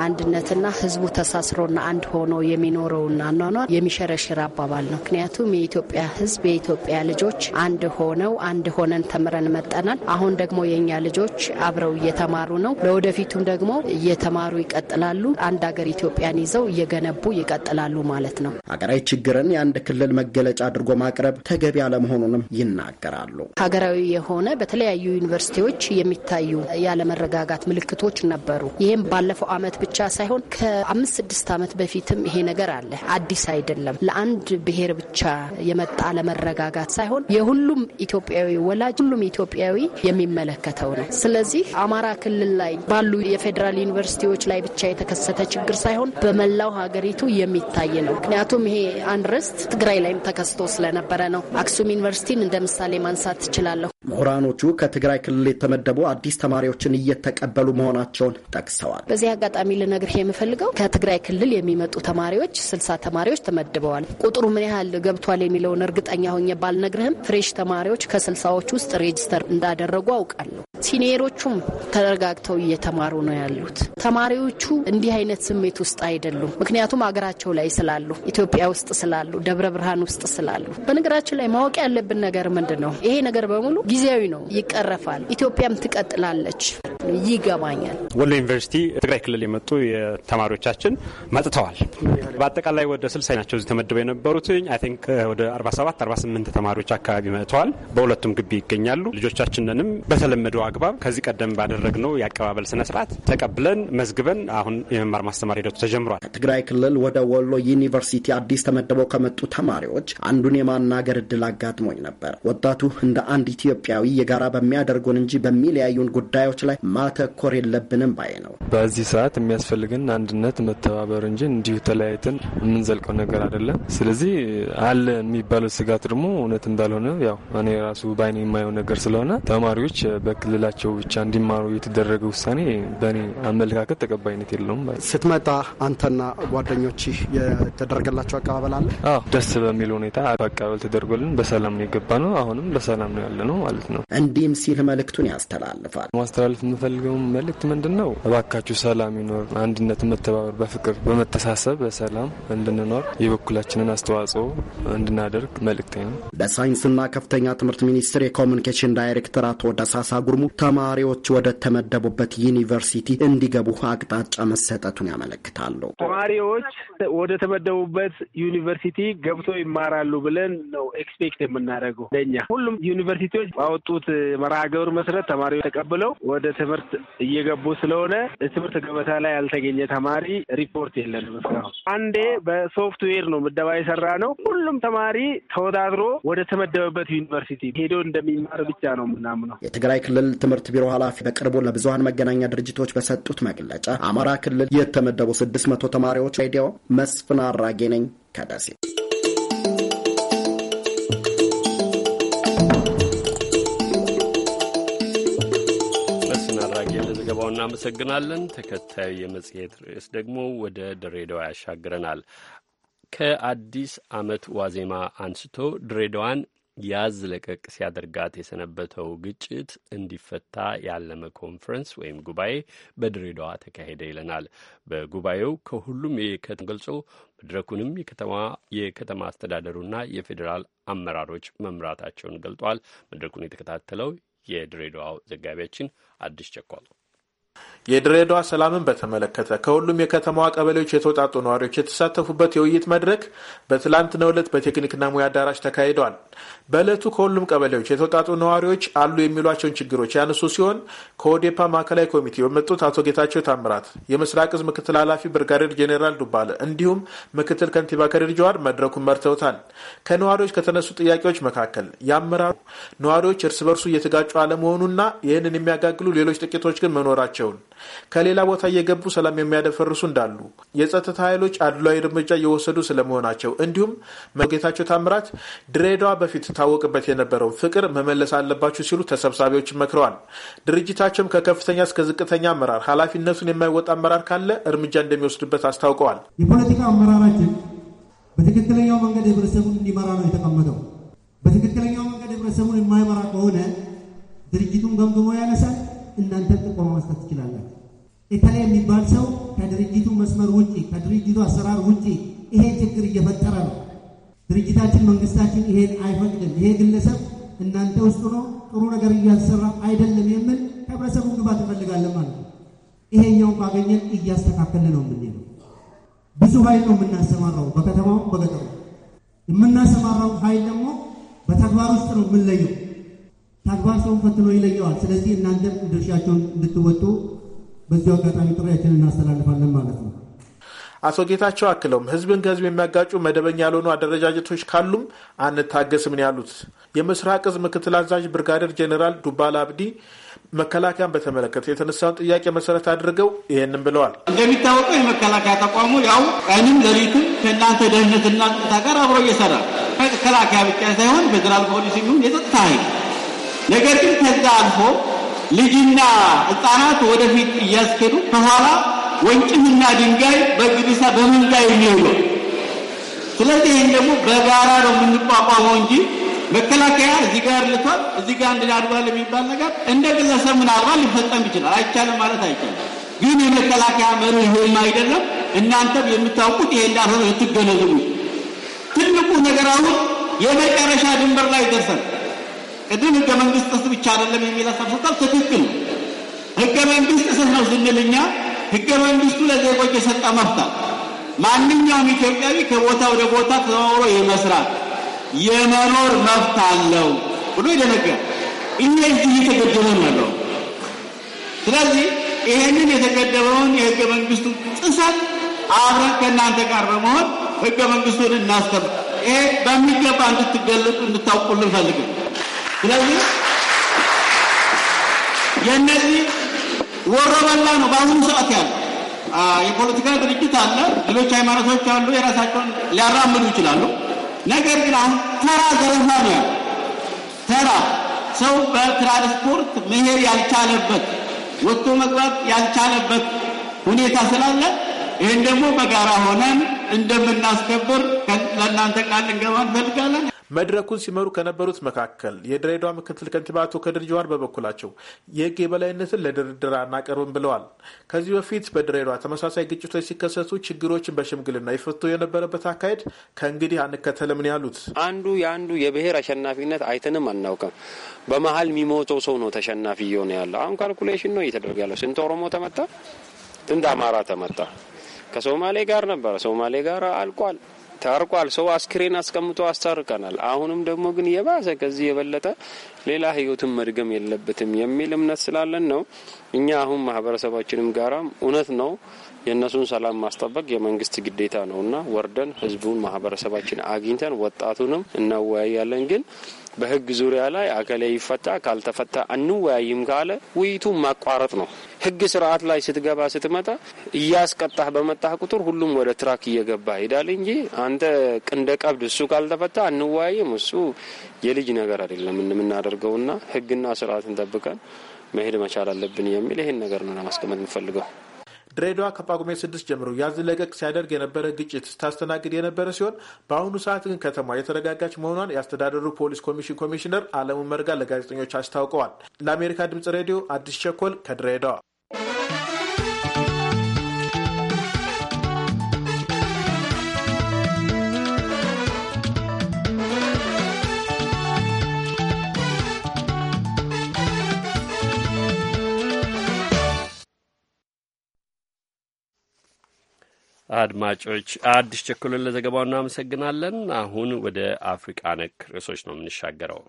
አንድነትና ህዝቡ ተሳስሮና አንድ ሆኖ የሚኖረውን አኗኗር የሚሸረሽር አባባል ነው። ምክንያቱም የኢትዮጵያ ህዝብ የኢትዮጵያ ልጆች አንድ ሆነው አንድ ሆነን ተምረን መጠናል። አሁን ደግሞ የእኛ ልጆች አብረው እየተማሩ ነው። ለወደፊቱም ደግሞ እየተማሩ ይቀጥላሉ። አንድ ሀገር ኢትዮጵያን ይዘው እየገነቡ ይቀጥላሉ ማለት ነው። ሀገራዊ ችግርን የአንድ ክልል መገለጫ አድርጎ ማቅረብ ተገቢ አለመሆኑንም ይናገራሉ። ሀገራዊ የሆነ በተለያዩ ዩኒቨርሲቲዎች የሚታዩ ያለመረጋጋት ምልክቶች ነበሩ። ይህም ባለፈው አመት ብቻ ሳይሆን ከአምስት ስድስት አመት በፊትም ይሄ ነገር አለ። አዲስ አይደለም። ለአንድ ብሔር ብቻ የመጣ አለመረጋጋት ሳይሆን የሁሉም ኢትዮጵያዊ ወላጅ ሁሉም ኢትዮጵያዊ የሚመለከተው ነው። ስለዚህ አማራ ክልል ላይ ባሉ የፌዴራል ዩኒቨርሲቲዎች ላይ ብቻ የተከሰተ ችግር ሳይሆን በመላው ሀገሪቱ የሚታይ ነው። ምክንያቱም ይሄ አንድ ርስት ትግራይ ላይም ተከስቶ ስለነበረ ነው። አክሱም ዩኒቨርሲቲን እንደ ምሳሌ ማንሳት ትችላል እላለሁ። ምሁራኖቹ ከትግራይ ክልል የተመደቡ አዲስ ተማሪዎችን እየተቀበሉ መሆናቸውን ጠቅሰዋል። በዚህ አጋጣሚ ልነግርህ የምፈልገው ከትግራይ ክልል የሚመጡ ተማሪዎች ስልሳ ተማሪዎች ተመድበዋል። ቁጥሩ ምን ያህል ገብቷል የሚለውን እርግጠኛ ሆኜ ባልነግርህም ፍሬሽ ተማሪዎች ከስልሳዎች ውስጥ ሬጅስተር እንዳደረጉ አውቃለሁ። ሲኒየሮቹም ተረጋግተው እየተማሩ ነው ያሉት። ተማሪዎቹ እንዲህ አይነት ስሜት ውስጥ አይደሉም። ምክንያቱም አገራቸው ላይ ስላሉ፣ ኢትዮጵያ ውስጥ ስላሉ፣ ደብረ ብርሃን ውስጥ ስላሉ። በነገራችን ላይ ማወቅ ያለብን ነገር ምንድን ነው? ይሄ ነገር በ በሙሉ ጊዜያዊ ነው፣ ይቀረፋል። ኢትዮጵያም ትቀጥላለች። ይገባኛል። ወሎ ዩኒቨርሲቲ ትግራይ ክልል የመጡ ተማሪዎቻችን መጥተዋል። በአጠቃላይ ወደ ስልሳ ናቸው እዚህ ተመድበው የነበሩት አይ ቲንክ ወደ 47 48 ተማሪዎች አካባቢ መጥተዋል። በሁለቱም ግቢ ይገኛሉ። ልጆቻችንንም በተለመደው አግባብ ከዚህ ቀደም ባደረግነው የአቀባበል ስነስርዓት ተቀብለን መዝግበን አሁን የመማር ማስተማር ሂደቱ ተጀምሯል። ከትግራይ ክልል ወደ ወሎ ዩኒቨርሲቲ አዲስ ተመድበው ከመጡ ተማሪዎች አንዱን የማናገር እድል አጋጥሞኝ ነበር። ወጣቱ እንደ አንድ ኢትዮጵያዊ የጋራ በሚያደርጉን እንጂ በሚለያዩን ጉዳዮች ላይ ማተኮር የለብንም ባይ ነው። በዚህ ሰዓት የሚያስፈልግን አንድነት፣ መተባበር እንጂ እንዲሁ ተለያይተን የምንዘልቀው ነገር አይደለም። ስለዚህ አለ የሚባለው ስጋት ደግሞ እውነት እንዳልሆነ ያው እኔ ራሱ በአይኔ የማየው ነገር ስለሆነ ተማሪዎች በክልላቸው ብቻ እንዲማሩ የተደረገ ውሳኔ በእኔ አመለካከት ተቀባይነት የለውም። ስትመጣ አንተና ጓደኞች የተደረገላቸው አቀባበል አለ? ደስ በሚል ሁኔታ አቀባበል ተደርጎልን በሰላም ነው የገባ ነው። አሁንም በሰላም ነው ያለ ነው ማለት ነው። እንዲህም ሲል መልእክቱን ያስተላልፋል። ማስተላለፍ የምፈልገው መልእክት ምንድን ነው? እባካችሁ ሰላም ይኖር፣ አንድነት፣ መተባበር፣ በፍቅር በመተሳሰብ በሰላም እንድንኖር የበኩላችንን አስተዋጽኦ እንድናደርግ መልእክት ነው። በሳይንስና ከፍተኛ ትምህርት ሚኒስቴር የኮሚኒኬሽን ዳይሬክተር አቶ ደሳሳ ጉርሙ ተማሪዎች ወደ ተመደቡበት ዩኒቨርሲቲ እንዲገቡ አቅጣጫ መሰጠቱን ያመለክታሉ። ተማሪዎች ወደ ተመደቡበት ዩኒቨርሲቲ ገብቶ ይማራሉ ብለን ነው ኤክስፔክት የምናደርገው። ለእኛ ሁሉም ዩኒቨርሲቲ ኮሚቴዎች ባወጡት መርሃ ግብር መሰረት ተማሪዎች ተቀብለው ወደ ትምህርት እየገቡ ስለሆነ ትምህርት ገበታ ላይ ያልተገኘ ተማሪ ሪፖርት የለንም እስካሁን። አንዴ በሶፍትዌር ነው ምደባ የሰራ ነው። ሁሉም ተማሪ ተወዳድሮ ወደ ተመደበበት ዩኒቨርሲቲ ሄዶ እንደሚማር ብቻ ነው ምናምነው። የትግራይ ክልል ትምህርት ቢሮ ኃላፊ በቅርቡ ለብዙሀን መገናኛ ድርጅቶች በሰጡት መግለጫ አማራ ክልል የተመደቡ ስድስት መቶ ተማሪዎች ሬዲዮ መስፍን አራጌ ነኝ ከደሴ እናመሰግናለን። ተከታዩ የመጽሔት ርዕስ ደግሞ ወደ ድሬዳዋ ያሻግረናል። ከአዲስ ዓመት ዋዜማ አንስቶ ድሬዳዋን ያዝ ለቀቅ ሲያደርጋት የሰነበተው ግጭት እንዲፈታ ያለመ ኮንፈረንስ ወይም ጉባኤ በድሬዳዋ ተካሄደ ይለናል። በጉባኤው ከሁሉም የከተማ ገልጾ መድረኩንም የከተማ አስተዳደሩና የፌዴራል አመራሮች መምራታቸውን ገልጧል። መድረኩን የተከታተለው የድሬዳዋ ዘጋቢያችን አዲስ ቸኳል የድሬዳዋ ሰላምን በተመለከተ ከሁሉም የከተማዋ ቀበሌዎች የተውጣጡ ነዋሪዎች የተሳተፉበት የውይይት መድረክ በትላንትናው ዕለት በቴክኒክና ሙያ አዳራሽ ተካሂደዋል። በዕለቱ ከሁሉም ቀበሌዎች የተውጣጡ ነዋሪዎች አሉ የሚሏቸውን ችግሮች ያነሱ ሲሆን ከኦዴፓ ማዕከላዊ ኮሚቴ በመጡት አቶ ጌታቸው ታምራት፣ የምስራቅ እዝ ምክትል ኃላፊ ብርጋዴር ጄኔራል ዱባለ እንዲሁም ምክትል ከንቲባ ከድር ጀዋር መድረኩን መርተውታል። ከነዋሪዎች ከተነሱ ጥያቄዎች መካከል የአመራሩ ነዋሪዎች እርስ በርሱ እየተጋጩ አለመሆኑና ይህንን የሚያጋግሉ ሌሎች ጥቂቶች ግን መኖራቸው መሆናቸውን፣ ከሌላ ቦታ እየገቡ ሰላም የሚያደፈርሱ እንዳሉ፣ የጸጥታ ኃይሎች አድሏዊ እርምጃ እየወሰዱ ስለመሆናቸው እንዲሁም መጌታቸው ታምራት ድሬዳዋ በፊት ታወቅበት የነበረውን ፍቅር መመለስ አለባችሁ ሲሉ ተሰብሳቢዎች መክረዋል። ድርጅታቸውም ከከፍተኛ እስከ ዝቅተኛ አመራር ኃላፊነቱን የማይወጣ አመራር ካለ እርምጃ እንደሚወስድበት አስታውቀዋል። የፖለቲካ አመራራችን በትክክለኛው መንገድ ህብረተሰቡን እንዲመራ ነው የተቀመጠው። በትክክለኛው መንገድ ህብረተሰቡን የማይመራ ከሆነ ድርጅቱን ገምግሞ ያነሳል። እናንተ ጥቆማ መስጠት ትችላላችሁ። ኢታሊያ የሚባል ሰው ከድርጅቱ መስመር ውጭ ከድርጅቱ አሰራር ውጭ ይሄ ችግር እየፈጠረ ነው። ድርጅታችን፣ መንግስታችን ይሄን አይፈቅድም። ይሄ ግለሰብ እናንተ ውስጥ ነው ጥሩ ነገር እያሰራ አይደለም የሚል ከህብረተሰቡ ግባት እንፈልጋለን ማለት ነው። ይሄኛውን ባገኘን እያስተካከለ ነው የምንሄደው። ብዙ ኃይል ነው የምናሰማራው፣ በከተማው በገጠሩ የምናሰማራው ኃይል ደግሞ በተግባር ውስጥ ነው የምንለየው። ታግባብ ሰውን ፈትኖ ይለየዋል። ስለዚህ እናንተም ድርሻቸውን እንድትወጡ በዚሁ አጋጣሚ ጥሪያችንን እናስተላልፋለን ማለት ነው። አቶ ጌታቸው አክለውም ህዝብን ከህዝብ የሚያጋጩ መደበኛ ያልሆኑ አደረጃጀቶች ካሉም አንታገስም ያሉት። የምስራቅ እዝ ምክትል አዛዥ ብርጋዴር ጄኔራል ዱባል አብዲ መከላከያን በተመለከተ የተነሳውን ጥያቄ መሰረት አድርገው ይህንም ብለዋል። እንደሚታወቀው የመከላከያ ተቋሙ ያው ቀንም ሌሊትም ከእናንተ ደህንነትና ጸጥታ ጋር አብሮ እየሰራ መከላከያ ብቻ ሳይሆን ፌዴራል ፖሊስ ይሁን የጸጥታ ኃይል ነገር ግን ከዛ አልፎ ልጅና ህፃናት ወደፊት እያስኬዱ ከኋላ ወንጭፍና ድንጋይ በግሪሳ በመንጋ የሚውለው ስለዚህ ይህን ደግሞ በጋራ ነው የምንቋቋመው እንጂ መከላከያ እዚህ ጋር ልቷል እዚህ ጋር እንድናድጓል የሚባል ነገር እንደ ግለሰብ ምናልባት ሊፈጸም ይችላል። አይቻልም ማለት አይቻልም። ግን የመከላከያ መሪ ይህም አይደለም። እናንተም የምታውቁት ይሄ እንዳልሆነ ልትገነዘቡ ትልቁ ነገር አሁን የመጨረሻ ድንበር ላይ ደርሰን ቅድም ህገ መንግስት ጥስ ብቻ አይደለም የሚል ሀሳብ ሰጥቷል። ትክክል ህገ መንግስት ጥስት ነው ስንል እኛ ህገ መንግስቱ ለዜጎች የሰጠ መፍታ ማንኛውም ኢትዮጵያዊ ከቦታ ወደ ቦታ ተዘዋውሮ የመስራት የመኖር መብት አለው ብሎ ይደነገር። ይህ እዚህ እየተገደበ ነው ስለዚህ ይሄንን የተገደበውን የህገ መንግስቱ ጥሰት አብረን ከእናንተ ጋር በመሆን ህገ መንግስቱን እናስተብ ይሄ በሚገባ እንድትገለጡ እንድታውቁልን ፈልግም። ስለዚህ የእነዚህ ወረበላ ነው በአሁኑ ሰዓት ያለ የፖለቲካ ድርጅት አለ፣ ሌሎች ሃይማኖቶች አሉ፣ የራሳቸውን ሊያራምዱ ይችላሉ። ነገር ግን አሁን ተራ ዘረፋ ነው ያለ ተራ ሰው በትራንስፖርት መሄድ ያልቻለበት ወጥቶ መግባት ያልቻለበት ሁኔታ ስላለ ይህን ደግሞ በጋራ ሆነን እንደምናስከብር ለእናንተ ቃል እንገባ እንፈልጋለን። መድረኩን ሲመሩ ከነበሩት መካከል የድሬዳዋ ምክትል ከንቲባ አቶ ከድር ጀዋር በበኩላቸው የሕግ የበላይነትን ለድርድር አናቀርብም ብለዋል። ከዚህ በፊት በድሬዳዋ ተመሳሳይ ግጭቶች ሲከሰቱ ችግሮችን በሽምግልና ይፈቱ የነበረበት አካሄድ ከእንግዲህ አንከተልም ያሉት። አንዱ የአንዱ የብሔር አሸናፊነት አይተንም አናውቅም። በመሀል የሚሞተው ሰው ነው ተሸናፊ እየሆነ ያለው። አሁን ካልኩሌሽን ነው እየተደረገ ያለው። ስንት ኦሮሞ ተመጣ ስንት አማራ ተመጣ? ከሶማሌ ጋር ነበረ። ሶማሌ ጋር አልቋል፣ ታርቋል። ሰው አስክሬን አስቀምጦ አስታርቀናል። አሁንም ደግሞ ግን የባሰ ከዚህ የበለጠ ሌላ ህይወትን መድገም የለበትም የሚል እምነት ስላለን ነው እኛ አሁን ማህበረሰባችንም ጋራም እውነት ነው የእነሱን ሰላም ማስጠበቅ የመንግስት ግዴታ ነው እና ወርደን ህዝቡን ማህበረሰባችን አግኝተን ወጣቱንም እናወያያለን ግን በህግ ዙሪያ ላይ አከሌ ይፈታ ካልተፈታ አንወያይም ካለ ውይይቱን ማቋረጥ ነው። ህግ ስርዓት ላይ ስትገባ ስትመጣ እያስቀጣህ በመጣህ ቁጥር ሁሉም ወደ ትራክ እየገባ ሄዳል እንጂ አንተ ቅንደ ቀብድ እሱ ካልተፈታ አንወያይም፣ እሱ የልጅ ነገር አይደለም የምናደርገውና ህግና ስርዓትን ጠብቀን መሄድ መቻል አለብን የሚል ይህን ነገር ነው ለማስቀመጥ የምፈልገው። ድሬዳዋ ከጳጉሜ ስድስት ጀምሮ ያዝ ለቀቅ ሲያደርግ የነበረ ግጭት ስታስተናግድ የነበረ ሲሆን በአሁኑ ሰዓት ግን ከተማ የተረጋጋች መሆኗን የአስተዳደሩ ፖሊስ ኮሚሽን ኮሚሽነር አለሙ መርጋ ለጋዜጠኞች አስታውቀዋል። ለአሜሪካ ድምጽ ሬዲዮ አዲስ ቸኮል ከድሬዳዋ አድማጮች አዲስ ቸኮልን ለዘገባው እናመሰግናለን። አሁን ወደ አፍሪቃ ነክ ርዕሶች ነው የምንሻገረው።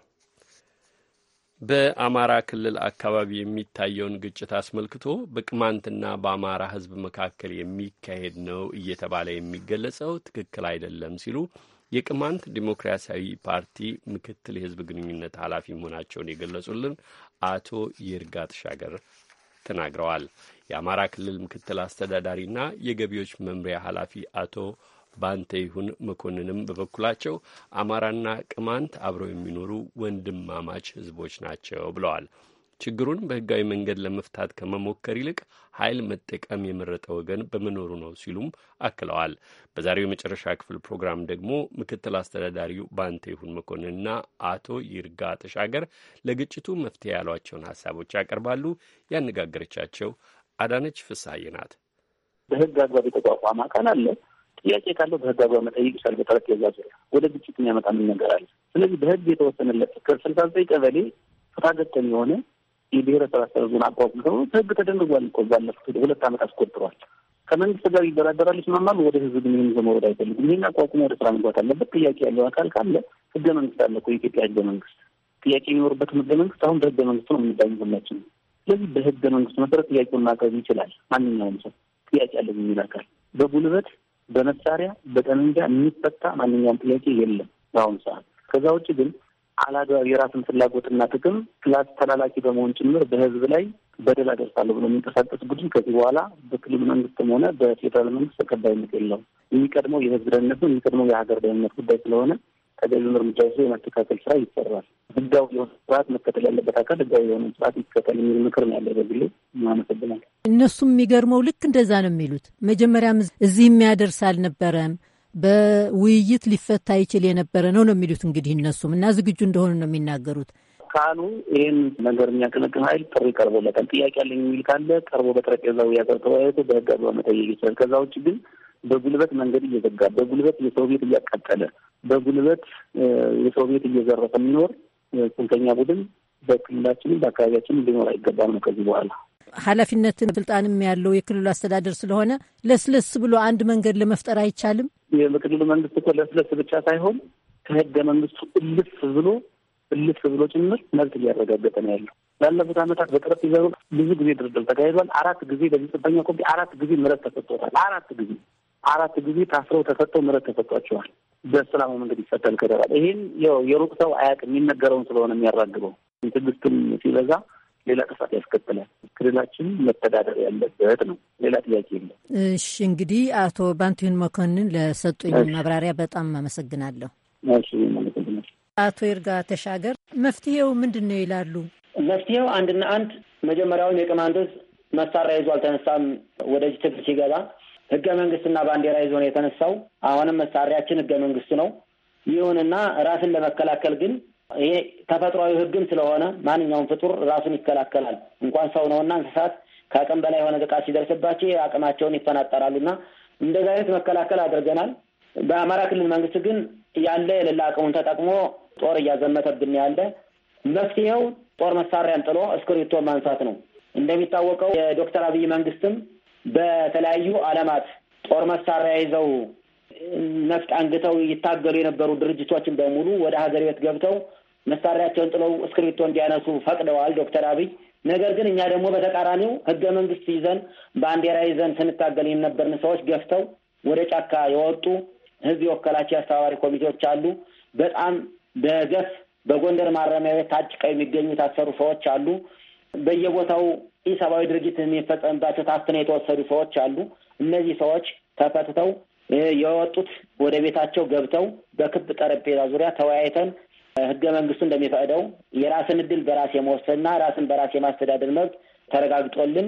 በአማራ ክልል አካባቢ የሚታየውን ግጭት አስመልክቶ በቅማንትና በአማራ ሕዝብ መካከል የሚካሄድ ነው እየተባለ የሚገለጸው ትክክል አይደለም ሲሉ የቅማንት ዲሞክራሲያዊ ፓርቲ ምክትል የሕዝብ ግንኙነት ኃላፊ መሆናቸውን የገለጹልን አቶ ይርጋ ተሻገር ተናግረዋል። የአማራ ክልል ምክትል አስተዳዳሪና የገቢዎች መምሪያ ኃላፊ አቶ ባንተ ይሁን መኮንንም በበኩላቸው አማራና ቅማንት አብረው የሚኖሩ ወንድማማች ህዝቦች ናቸው ብለዋል። ችግሩን በህጋዊ መንገድ ለመፍታት ከመሞከር ይልቅ ኃይል መጠቀም የመረጠ ወገን በመኖሩ ነው ሲሉም አክለዋል። በዛሬው የመጨረሻ ክፍል ፕሮግራም ደግሞ ምክትል አስተዳዳሪው ይሁን መኮንንና አቶ ይርጋ ተሻገር ለግጭቱ መፍትሄ ያሏቸውን ሀሳቦች ያቀርባሉ። ያነጋገረቻቸው አዳነች ፍስሐዬ ናት። በህግ አግባብ የተቋቋመ አካል አለ። ጥያቄ ካለው በህግ አግባብ መጠየቅ ይችላል። በጠረጴዛ ዙሪያ ወደ ግጭት የሚያመጣ ምን ነገር አለ? ስለዚህ በህግ የተወሰነለት ከስልሳ ዘጠኝ ቀበሌ ፍታገተን የሆነ የብሔረሰብ አስተዳደሩን ዞን አቋቁሞ ህግ ተደንግጓል እኮ ባለፉት ሁለት ዓመት አስቆጥሯል። ከመንግስት ጋር ይደራደራል፣ ይስማማል። ወደ ህዝብ ግን ይህን ይዞ አይፈልግም። ይህን አቋቁሞ ወደ ስራ መግባት አለበት። ጥያቄ ያለው አካል ካለ ህገ መንግስት አለ እኮ የኢትዮጵያ ህገ መንግስት። ጥያቄ የሚኖርበትም ህገ መንግስት አሁን በህገ መንግስት ነው የምንዳኝ ሁላችን። ስለዚህ በህገ መንግስት መሰረት ጥያቄውን ማቅረብ ይችላል ማንኛውም ሰው ጥያቄ አለን የሚል አካል። በጉልበት በመሳሪያ በጠመንጃ የሚፈታ ማንኛውም ጥያቄ የለም በአሁኑ ሰዓት። ከዛ ውጭ ግን አላግባብ የራስን ፍላጎትና ጥቅም ፍላት ተላላኪ በመሆን ጭምር በህዝብ ላይ በደል አደርሳለሁ ብሎ የሚንቀሳቀስ ቡድን ከዚህ በኋላ በክልል መንግስትም ሆነ በፌዴራል መንግስት ተቀባይነት የለውም። የሚቀድመው የህዝብ ደህንነት ነው። የሚቀድመው የሀገር ደህንነት ጉዳይ ስለሆነ ተገቢውን እርምጃ ይዞ የማስተካከል ስራ ይሰራል። ህጋዊ የሆነ ስርዓት መከተል ያለበት አካል ህጋዊ የሆነ ስርዓት ይከተል የሚል ምክር ነው ያለ። በግሌ አመሰግናለሁ። እነሱም የሚገርመው ልክ እንደዛ ነው የሚሉት። መጀመሪያም እዚህ የሚያደርስ አልነበረም በውይይት ሊፈታ ይችል የነበረ ነው ነው የሚሉት እንግዲህ እነሱም እና ዝግጁ እንደሆኑ ነው የሚናገሩት። ካህኑ ይህን ነገር የሚያቀነቅን ኃይል ጥሪ ቀርቦለታል። ጥያቄ አለኝ የሚል ካለ ቀርቦ በጠረጴዛ ያገር ተወያይቶ በህግ በመጠየቅ ይችላል። ከዛ ውጭ ግን በጉልበት መንገድ እየዘጋ በጉልበት የሰው ቤት እያቃጠለ በጉልበት የሰው ቤት እየዘረፈ የሚኖር ጽንፈኛ ቡድን በክልላችንም በአካባቢያችንም ሊኖር አይገባም ነው ከዚህ በኋላ ኃላፊነትን ስልጣንም ያለው የክልሉ አስተዳደር ስለሆነ ለስለስ ብሎ አንድ መንገድ ለመፍጠር አይቻልም። የክልሉ መንግስት እኮ ለስለስ ብቻ ሳይሆን ከህገ መንግስቱ እልፍ ብሎ እልፍ ብሎ ጭምር መብት እያረጋገጠ ነው ያለው። ላለፉት ዓመታት በጠረጴዛ ይዘሩ ብዙ ጊዜ ድርድር ተካሂዷል። አራት ጊዜ በዚህ ጽንፈኛ ኮሚቴ አራት ጊዜ ምህረት ተሰጥቶታል። አራት ጊዜ አራት ጊዜ ታስረው ተፈተው ምህረት ተሰጥቷቸዋል። በሰላሙ መንገድ ይፈተል ከደራል። ይህን የሩቅ ሰው አያውቅም የሚነገረውን ስለሆነ የሚያራግበው ትዕግስትም ሲበዛ ሌላ ጥፋት ያስከትላል። ክልላችን መተዳደር ያለበት ነው። ሌላ ጥያቄ የለም። እሺ፣ እንግዲህ አቶ ባንቲሁን መኮንን ለሰጡኝ ማብራሪያ በጣም አመሰግናለሁ። አቶ ይርጋ ተሻገር መፍትሄው ምንድን ነው ይላሉ? መፍትሄው አንድና አንድ መጀመሪያውን የቅማንዶስ መሳሪያ ይዞ አልተነሳም። ወደዚህ ትግል ሲገባ ህገ መንግስትና ባንዲራ ይዞ ነው የተነሳው። አሁንም መሳሪያችን ህገ መንግስቱ ነው። ይሁንና ራስን ለመከላከል ግን ይሄ ተፈጥሯዊ ህግም ስለሆነ ማንኛውም ፍጡር ራሱን ይከላከላል። እንኳን ሰው ነውና እንስሳት ከአቅም በላይ የሆነ ጥቃት ሲደርስባቸው አቅማቸውን ይፈናጠራሉና እንደዚህ አይነት መከላከል አድርገናል። በአማራ ክልል መንግስት ግን ያለ የሌላ አቅሙን ተጠቅሞ ጦር እያዘመተብን ያለ መፍትሄው ጦር መሳሪያን ጥሎ እስክሪብቶ ማንሳት ነው። እንደሚታወቀው የዶክተር አብይ መንግስትም በተለያዩ ዓለማት ጦር መሳሪያ ይዘው ነፍጥ አንግተው ይታገሉ የነበሩ ድርጅቶችን በሙሉ ወደ ሀገር ቤት ገብተው መሳሪያቸውን ጥለው እስክሪብቶ እንዲያነሱ ፈቅደዋል ዶክተር አብይ። ነገር ግን እኛ ደግሞ በተቃራኒው ህገ መንግስት ይዘን ባንዲራ ይዘን ስንታገል የነበርን ሰዎች ገፍተው ወደ ጫካ የወጡ ህዝብ የወከላቸው የአስተባባሪ ኮሚቴዎች አሉ። በጣም በገፍ በጎንደር ማረሚያ ቤት ታጭቀው የሚገኙ የታሰሩ ሰዎች አሉ። በየቦታው ኢሰብአዊ ድርጊት የሚፈጸምባቸው ታፍነው የተወሰዱ ሰዎች አሉ። እነዚህ ሰዎች ተፈትተው የወጡት ወደ ቤታቸው ገብተው በክብ ጠረጴዛ ዙሪያ ተወያይተን ህገ መንግስቱ እንደሚፈቅደው የራስን እድል በራስ የመወሰንና ራስን በራስ የማስተዳደር መብት ተረጋግጦልን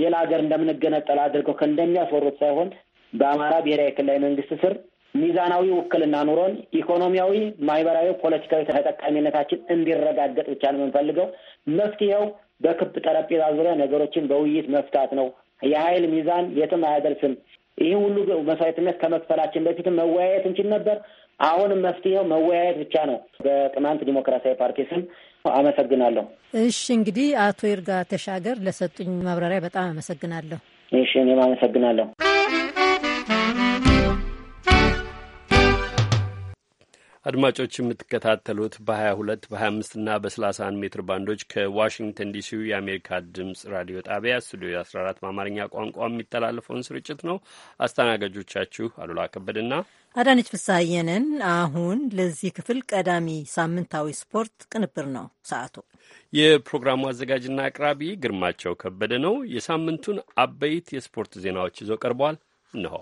ሌላ ሀገር እንደምንገነጠል አድርገው ከእንደሚያስወሩት ሳይሆን በአማራ ብሔራዊ ክልላዊ መንግስት ስር ሚዛናዊ ውክልና ኑሮን ኢኮኖሚያዊ፣ ማህበራዊ፣ ፖለቲካዊ ተጠቃሚነታችን እንዲረጋገጥ ብቻ ነው የምንፈልገው። መፍትሄው በክብ ጠረጴዛ ዙሪያ ነገሮችን በውይይት መፍታት ነው። የሀይል ሚዛን የትም አያደርስም። ይህ ሁሉ መስዋዕትነት ከመክፈላችን በፊትም መወያየት እንችል ነበር። አሁንም መፍትሄው መወያየት ብቻ ነው። በቅማንት ዲሞክራሲያዊ ፓርቲ ስም አመሰግናለሁ። እሺ እንግዲህ አቶ ይርጋ ተሻገር ለሰጡኝ ማብራሪያ በጣም አመሰግናለሁ። እሺ እኔም አመሰግናለሁ። አድማጮች የምትከታተሉት በ22 በ25 እና በ31 ሜትር ባንዶች ከዋሽንግተን ዲሲው የአሜሪካ ድምፅ ራዲዮ ጣቢያ ስቱዲዮ 14 በአማርኛ ቋንቋ የሚተላለፈውን ስርጭት ነው። አስተናጋጆቻችሁ አሉላ ከበድና አዳነች ፍስሐየንን። አሁን ለዚህ ክፍል ቀዳሚ ሳምንታዊ ስፖርት ቅንብር ነው ሰዓቱ። የፕሮግራሙ አዘጋጅና አቅራቢ ግርማቸው ከበደ ነው። የሳምንቱን አበይት የስፖርት ዜናዎች ይዞ ቀርበዋል። እንሆ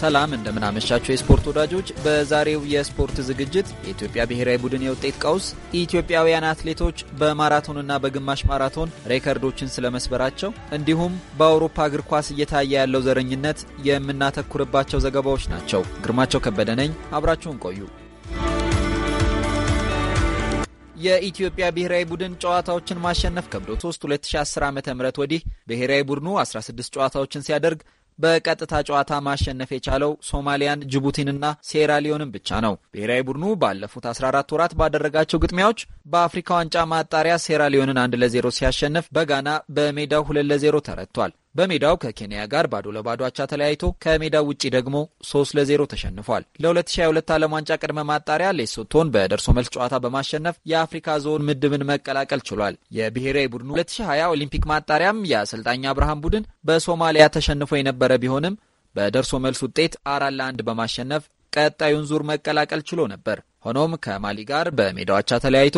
ሰላም እንደምናመሻቸው የስፖርት ወዳጆች፣ በዛሬው የስፖርት ዝግጅት የኢትዮጵያ ብሔራዊ ቡድን የውጤት ቀውስ፣ ኢትዮጵያውያን አትሌቶች በማራቶንና በግማሽ ማራቶን ሬከርዶችን ስለመስበራቸው እንዲሁም በአውሮፓ እግር ኳስ እየታየ ያለው ዘረኝነት የምናተኩርባቸው ዘገባዎች ናቸው። ግርማቸው ከበደ ነኝ። አብራችሁን ቆዩ። የኢትዮጵያ ብሔራዊ ቡድን ጨዋታዎችን ማሸነፍ ከብዶት 3 2010 ዓ ም ወዲህ ብሔራዊ ቡድኑ 16 ጨዋታዎችን ሲያደርግ በቀጥታ ጨዋታ ማሸነፍ የቻለው ሶማሊያን፣ ጅቡቲንና ሴራሊዮንን ብቻ ነው። ብሔራዊ ቡድኑ ባለፉት 14 ወራት ባደረጋቸው ግጥሚያዎች በአፍሪካ ዋንጫ ማጣሪያ ሴራሊዮንን 1 ለዜሮ ሲያሸንፍ በጋና በሜዳው 2 ለዜሮ 0 ተረቷል። በሜዳው ከኬንያ ጋር ባዶ ለባዶ አቻ ተለያይቶ ከሜዳው ውጪ ደግሞ 3 ለ ለዜሮ ተሸንፏል። ለ2022 ዓለም ዋንጫ ቅድመ ማጣሪያ ሌሶቶን በደርሶ መልስ ጨዋታ በማሸነፍ የአፍሪካ ዞን ምድብን መቀላቀል ችሏል። የብሔራዊ ቡድኑ 2020 ኦሊምፒክ ማጣሪያም የአሰልጣኝ አብርሃም ቡድን በሶማሊያ ተሸንፎ የነበረ ቢሆንም በደርሶ መልስ ውጤት አራት ለአንድ በማሸነፍ ቀጣዩን ዙር መቀላቀል ችሎ ነበር። ሆኖም ከማሊ ጋር በሜዳው አቻ ተለያይቶ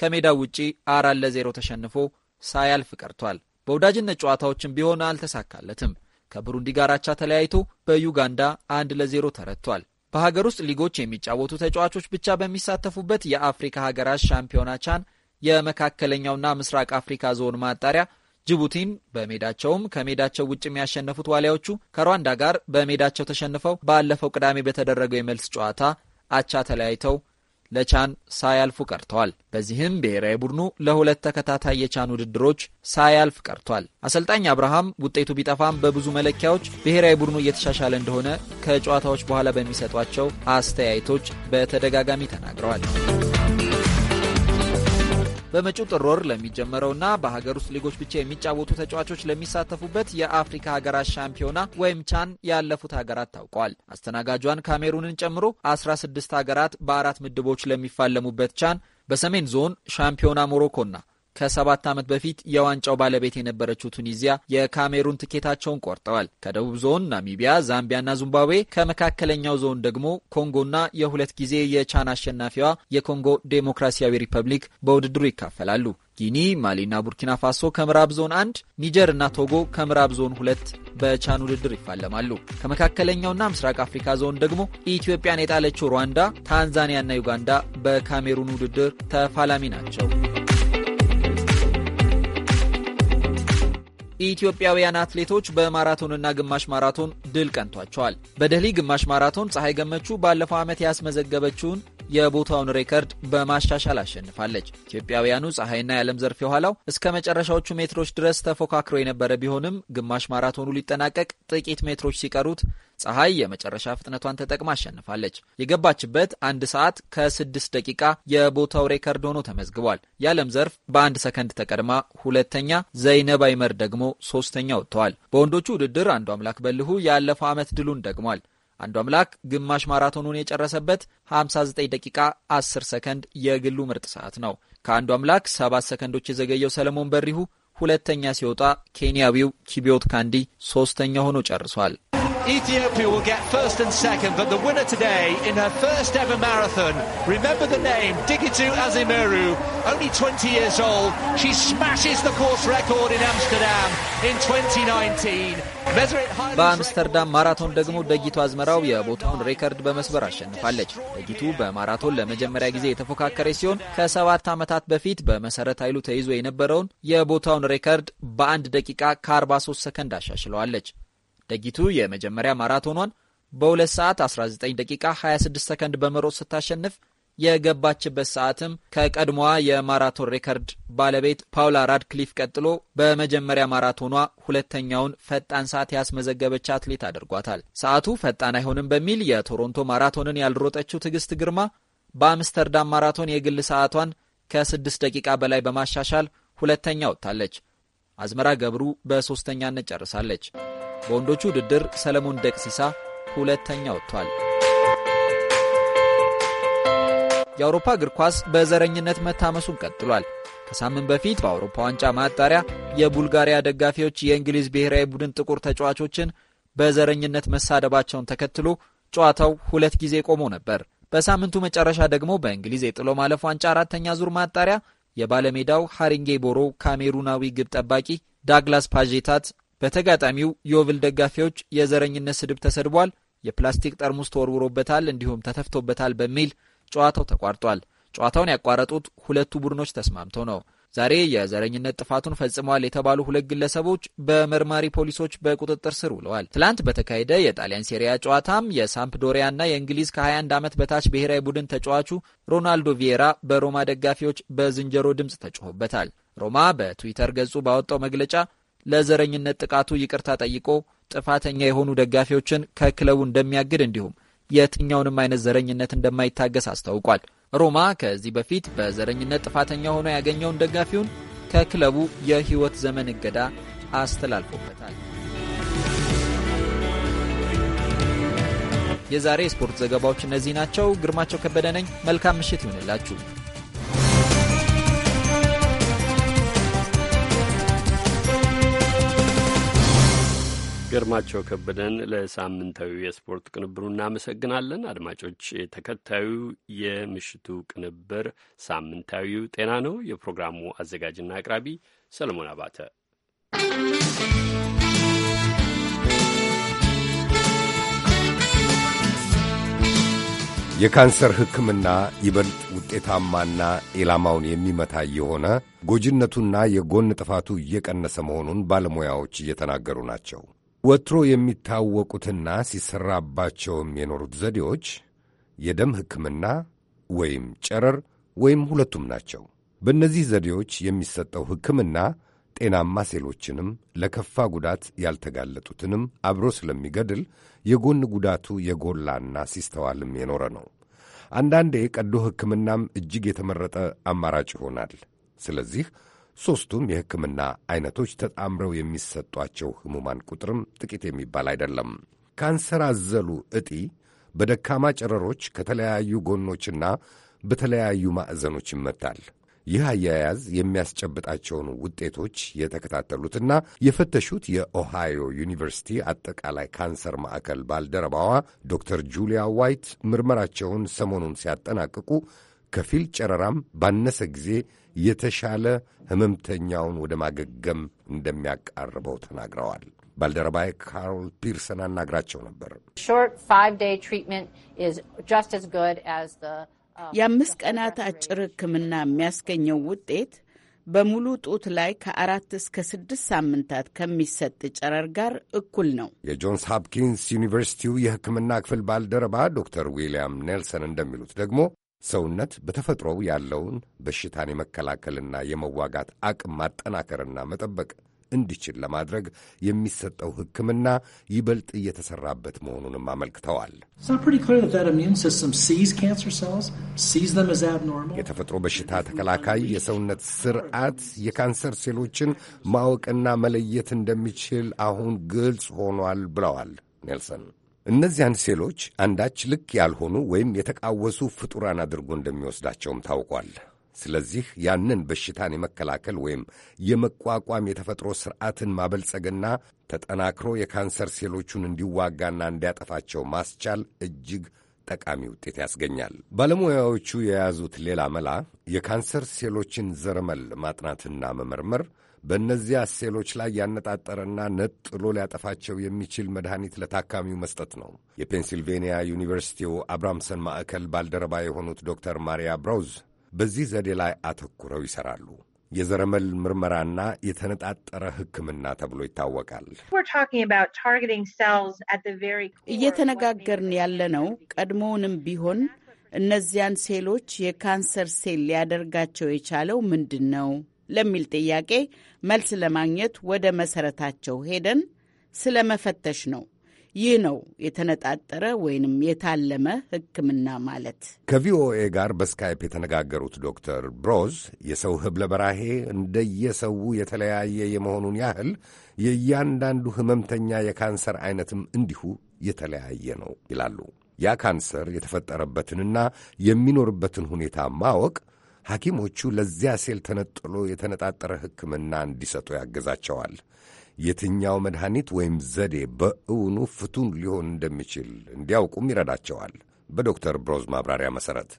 ከሜዳው ውጪ አራት ለዜሮ ተሸንፎ ሳያልፍ ቀርቷል። በወዳጅነት ጨዋታዎችን ቢሆን አልተሳካለትም። ከብሩንዲ ጋር አቻ ተለያይቶ በዩጋንዳ አንድ ለዜሮ ተረቷል። በሀገር ውስጥ ሊጎች የሚጫወቱ ተጫዋቾች ብቻ በሚሳተፉበት የአፍሪካ ሀገራት ሻምፒዮና ቻን የመካከለኛውና ምስራቅ አፍሪካ ዞን ማጣሪያ ጅቡቲን በሜዳቸውም ከሜዳቸው ውጭ የሚያሸነፉት ዋሊያዎቹ ከሩዋንዳ ጋር በሜዳቸው ተሸንፈው ባለፈው ቅዳሜ በተደረገው የመልስ ጨዋታ አቻ ተለያይተው ለቻን ሳያልፉ ቀርተዋል። በዚህም ብሔራዊ ቡድኑ ለሁለት ተከታታይ የቻን ውድድሮች ሳያልፍ ቀርቷል። አሰልጣኝ አብርሃም ውጤቱ ቢጠፋም በብዙ መለኪያዎች ብሔራዊ ቡድኑ እየተሻሻለ እንደሆነ ከጨዋታዎች በኋላ በሚሰጧቸው አስተያየቶች በተደጋጋሚ ተናግረዋል። በመጪው ጥር ወር ለሚጀመረውና በሀገር ውስጥ ሊጎች ብቻ የሚጫወቱ ተጫዋቾች ለሚሳተፉበት የአፍሪካ ሀገራት ሻምፒዮና ወይም ቻን ያለፉት ሀገራት ታውቋል። አስተናጋጇን ካሜሩንን ጨምሮ 16 ሀገራት በአራት ምድቦች ለሚፋለሙበት ቻን በሰሜን ዞን ሻምፒዮና ሞሮኮና ከሰባት ዓመት በፊት የዋንጫው ባለቤት የነበረችው ቱኒዚያ የካሜሩን ትኬታቸውን ቆርጠዋል። ከደቡብ ዞን ናሚቢያ፣ ዛምቢያና ዚምባብዌ፣ ከመካከለኛው ዞን ደግሞ ኮንጎና የሁለት ጊዜ የቻን አሸናፊዋ የኮንጎ ዴሞክራሲያዊ ሪፐብሊክ በውድድሩ ይካፈላሉ። ጊኒ፣ ማሊና ቡርኪና ፋሶ ከምዕራብ ዞን አንድ፣ ኒጀር እና ቶጎ ከምዕራብ ዞን ሁለት በቻን ውድድር ይፋለማሉ። ከመካከለኛውና ምስራቅ አፍሪካ ዞን ደግሞ ኢትዮጵያን የጣለችው ሩዋንዳ፣ ታንዛኒያና ዩጋንዳ በካሜሩን ውድድር ተፋላሚ ናቸው። ኢትዮጵያውያን አትሌቶች በማራቶንና ግማሽ ማራቶን ድል ቀንቷቸዋል። በደህሊ ግማሽ ማራቶን ፀሐይ ገመቹ ባለፈው ዓመት ያስመዘገበችውን የቦታውን ሬከርድ በማሻሻል አሸንፋለች። ኢትዮጵያውያኑ ፀሐይና የዓለም ዘርፍ የኋላው እስከ መጨረሻዎቹ ሜትሮች ድረስ ተፎካክሮ የነበረ ቢሆንም ግማሽ ማራቶኑ ሊጠናቀቅ ጥቂት ሜትሮች ሲቀሩት ፀሐይ የመጨረሻ ፍጥነቷን ተጠቅማ አሸንፋለች። የገባችበት አንድ ሰዓት ከስድስት ደቂቃ የቦታው ሬከርድ ሆኖ ተመዝግቧል። የዓለም ዘርፍ በአንድ ሰከንድ ተቀድማ ሁለተኛ፣ ዘይነብ አይመር ደግሞ ሶስተኛ ወጥተዋል። በወንዶቹ ውድድር አንዱ አምላክ በልሁ ያለፈው ዓመት ድሉን ደግሟል። አንዱ አምላክ ግማሽ ማራቶኑን የጨረሰበት 59 ደቂቃ 10 ሰከንድ የግሉ ምርጥ ሰዓት ነው። ከአንዱ አምላክ 7 ሰከንዶች የዘገየው ሰለሞን በሪሁ ሁለተኛ ሲወጣ፣ ኬንያዊው ኪቢዮት ካንዲ ሶስተኛ ሆኖ ጨርሷል። Ethiopia will get first and second, but the winner today in her first ever marathon, remember the name, Digitu Azimeru, only 20 years old. She smashes the course record in Amsterdam in 2019. በአምስተርዳም ማራቶን ደግሞ ደጊቱ አዝመራው የቦታውን ሬከርድ በመስበር አሸንፋለች። ደጊቱ በማራቶን ለመጀመሪያ ጊዜ የተፎካከረች ሲሆን ከሰባት ዓመታት በፊት በመሰረት ኃይሉ ተይዞ የነበረውን የቦታውን ሬከርድ በአንድ ደቂቃ ከ43 ሰከንድ አሻሽለዋለች። ለጊቱ የመጀመሪያ ማራቶኗን በ2 ሰዓት 19 ደቂቃ 26 ሰከንድ በመሮጥ ስታሸንፍ የገባችበት ሰዓትም ከቀድሞዋ የማራቶን ሬከርድ ባለቤት ፓውላ ራድክሊፍ ቀጥሎ በመጀመሪያ ማራቶኗ ሁለተኛውን ፈጣን ሰዓት ያስመዘገበች አትሌት አድርጓታል። ሰዓቱ ፈጣን አይሆንም በሚል የቶሮንቶ ማራቶንን ያልሮጠችው ትዕግስት ግርማ በአምስተርዳም ማራቶን የግል ሰዓቷን ከ6 ደቂቃ በላይ በማሻሻል ሁለተኛ ወጥታለች። አዝመራ ገብሩ በሦስተኛነት ጨርሳለች። በወንዶቹ ውድድር ሰለሞን ደቅሲሳ ሁለተኛ ወጥቷል። የአውሮፓ እግር ኳስ በዘረኝነት መታመሱን ቀጥሏል። ከሳምንት በፊት በአውሮፓ ዋንጫ ማጣሪያ የቡልጋሪያ ደጋፊዎች የእንግሊዝ ብሔራዊ ቡድን ጥቁር ተጫዋቾችን በዘረኝነት መሳደባቸውን ተከትሎ ጨዋታው ሁለት ጊዜ ቆሞ ነበር። በሳምንቱ መጨረሻ ደግሞ በእንግሊዝ የጥሎ ማለፍ ዋንጫ አራተኛ ዙር ማጣሪያ የባለሜዳው ሐሪንጌ ቦሮ ካሜሩናዊ ግብ ጠባቂ ዳግላስ ፓዤታት በተጋጣሚው የኦቭል ደጋፊዎች የዘረኝነት ስድብ ተሰድቧል፣ የፕላስቲክ ጠርሙስ ተወርውሮበታል፣ እንዲሁም ተተፍቶበታል በሚል ጨዋታው ተቋርጧል። ጨዋታውን ያቋረጡት ሁለቱ ቡድኖች ተስማምተው ነው። ዛሬ የዘረኝነት ጥፋቱን ፈጽመዋል የተባሉ ሁለት ግለሰቦች በመርማሪ ፖሊሶች በቁጥጥር ስር ውለዋል። ትላንት በተካሄደ የጣሊያን ሴሪያ ጨዋታም የሳምፕዶሪያና የእንግሊዝ ከ21 ዓመት በታች ብሔራዊ ቡድን ተጫዋቹ ሮናልዶ ቪየራ በሮማ ደጋፊዎች በዝንጀሮ ድምፅ ተጮሆበታል። ሮማ በትዊተር ገጹ ባወጣው መግለጫ ለዘረኝነት ጥቃቱ ይቅርታ ጠይቆ ጥፋተኛ የሆኑ ደጋፊዎችን ከክለቡ እንደሚያግድ እንዲሁም የትኛውንም አይነት ዘረኝነት እንደማይታገስ አስታውቋል። ሮማ ከዚህ በፊት በዘረኝነት ጥፋተኛ ሆኖ ያገኘውን ደጋፊውን ከክለቡ የህይወት ዘመን እገዳ አስተላልፎበታል። የዛሬ የስፖርት ዘገባዎች እነዚህ ናቸው። ግርማቸው ከበደ ነኝ። መልካም ምሽት ይሁንላችሁ። ግርማቸው ከበደን ለሳምንታዊ የስፖርት ቅንብሩ እናመሰግናለን። አድማጮች፣ ተከታዩ የምሽቱ ቅንብር ሳምንታዊው ጤና ነው። የፕሮግራሙ አዘጋጅና አቅራቢ ሰለሞን አባተ። የካንሰር ሕክምና ይበልጥ ውጤታማና ኢላማውን የሚመታ የሆነ ጎጂነቱና የጎን ጥፋቱ እየቀነሰ መሆኑን ባለሙያዎች እየተናገሩ ናቸው። ወትሮ የሚታወቁትና ሲሰራባቸውም የኖሩት ዘዴዎች የደም ሕክምና ወይም ጨረር ወይም ሁለቱም ናቸው። በእነዚህ ዘዴዎች የሚሰጠው ሕክምና ጤናማ ሴሎችንም ለከፋ ጉዳት ያልተጋለጡትንም አብሮ ስለሚገድል የጎን ጉዳቱ የጎላና ሲስተዋልም የኖረ ነው። አንዳንዴ ቀዶ ሕክምናም እጅግ የተመረጠ አማራጭ ይሆናል። ስለዚህ ሦስቱም የሕክምና ዐይነቶች ተጣምረው የሚሰጧቸው ሕሙማን ቁጥርም ጥቂት የሚባል አይደለም። ካንሰር አዘሉ እጢ በደካማ ጨረሮች ከተለያዩ ጎኖችና በተለያዩ ማዕዘኖች ይመታል። ይህ አያያዝ የሚያስጨብጣቸውን ውጤቶች የተከታተሉትና የፈተሹት የኦሃዮ ዩኒቨርሲቲ አጠቃላይ ካንሰር ማዕከል ባልደረባዋ ዶክተር ጁሊያ ዋይት ምርመራቸውን ሰሞኑን ሲያጠናቅቁ ከፊል ጨረራም ባነሰ ጊዜ የተሻለ ህመምተኛውን ወደ ማገገም እንደሚያቃርበው ተናግረዋል። ባልደረባ ካሮል ፒርሰን አናግራቸው ነበር። uh, የአምስት ቀናት አጭር ህክምና የሚያስገኘው ውጤት በሙሉ ጡት ላይ ከአራት እስከ ስድስት ሳምንታት ከሚሰጥ ጨረር ጋር እኩል ነው። የጆንስ ሆፕኪንስ ዩኒቨርሲቲው የህክምና ክፍል ባልደረባ ዶክተር ዊልያም ኔልሰን እንደሚሉት ደግሞ ሰውነት በተፈጥሮው ያለውን በሽታን የመከላከልና የመዋጋት አቅም ማጠናከርና መጠበቅ እንዲችል ለማድረግ የሚሰጠው ሕክምና ይበልጥ እየተሰራበት መሆኑንም አመልክተዋል። የተፈጥሮ በሽታ ተከላካይ የሰውነት ስርዓት የካንሰር ሴሎችን ማወቅና መለየት እንደሚችል አሁን ግልጽ ሆኗል ብለዋል ኔልሰን። እነዚያን ሴሎች አንዳች ልክ ያልሆኑ ወይም የተቃወሱ ፍጡራን አድርጎ እንደሚወስዳቸውም ታውቋል። ስለዚህ ያንን በሽታን የመከላከል ወይም የመቋቋም የተፈጥሮ ሥርዓትን ማበልጸግና ተጠናክሮ የካንሰር ሴሎቹን እንዲዋጋና እንዲያጠፋቸው ማስቻል እጅግ ጠቃሚ ውጤት ያስገኛል። ባለሙያዎቹ የያዙት ሌላ መላ የካንሰር ሴሎችን ዘረመል ማጥናትና መመርመር በእነዚያ ሴሎች ላይ ያነጣጠረና ነጥሎ ሊያጠፋቸው የሚችል መድኃኒት ለታካሚው መስጠት ነው። የፔንሲልቬንያ ዩኒቨርሲቲው አብራምሰን ማዕከል ባልደረባ የሆኑት ዶክተር ማሪያ ብራውዝ በዚህ ዘዴ ላይ አተኩረው ይሠራሉ። የዘረመል ምርመራና የተነጣጠረ ሕክምና ተብሎ ይታወቃል። እየተነጋገርን ያለነው ቀድሞውንም ቢሆን እነዚያን ሴሎች የካንሰር ሴል ሊያደርጋቸው የቻለው ምንድን ነው? ለሚል ጥያቄ መልስ ለማግኘት ወደ መሰረታቸው ሄደን ስለ መፈተሽ ነው። ይህ ነው የተነጣጠረ ወይንም የታለመ ሕክምና ማለት። ከቪኦኤ ጋር በስካይፕ የተነጋገሩት ዶክተር ብሮዝ የሰው ህብለ በራሄ እንደየሰው የተለያየ የመሆኑን ያህል የእያንዳንዱ ህመምተኛ የካንሰር አይነትም እንዲሁ የተለያየ ነው ይላሉ። ያ ካንሰር የተፈጠረበትንና የሚኖርበትን ሁኔታ ማወቅ ሐኪሞቹ ለዚያ ሴል ተነጥሎ የተነጣጠረ ሕክምና እንዲሰጡ ያግዛቸዋል። የትኛው መድኃኒት ወይም ዘዴ በእውኑ ፍቱን ሊሆን እንደሚችል እንዲያውቁም ይረዳቸዋል። በዶክተር ብሮዝ ማብራሪያ መሠረት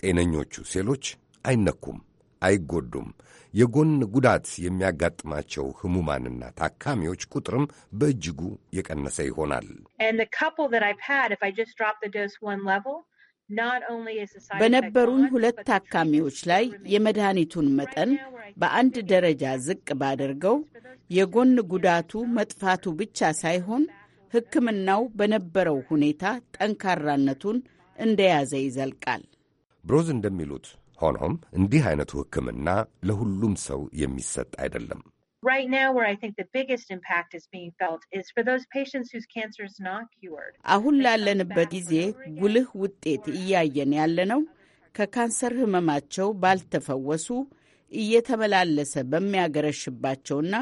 ጤነኞቹ ሴሎች አይነኩም፣ አይጎዱም። የጎን ጉዳት የሚያጋጥማቸው ህሙማንና ታካሚዎች ቁጥርም በእጅጉ የቀነሰ ይሆናል። በነበሩን ሁለት ታካሚዎች ላይ የመድኃኒቱን መጠን በአንድ ደረጃ ዝቅ ባደርገው የጎን ጉዳቱ መጥፋቱ ብቻ ሳይሆን ሕክምናው በነበረው ሁኔታ ጠንካራነቱን እንደያዘ ይዘልቃል። ብሮዝ እንደሚሉት ሆኖም እንዲህ አይነቱ ሕክምና ለሁሉም ሰው የሚሰጥ አይደለም። right now where I think the biggest impact is being felt is for those patients whose cancer is not cured. አሁን ላለንበት ጊዜ ጉልህ ውጤት እያየን ያለነው ከካንሰር ህመማቸው ባልተፈወሱ እየተመላለሰ በሚያገረሽባቸውና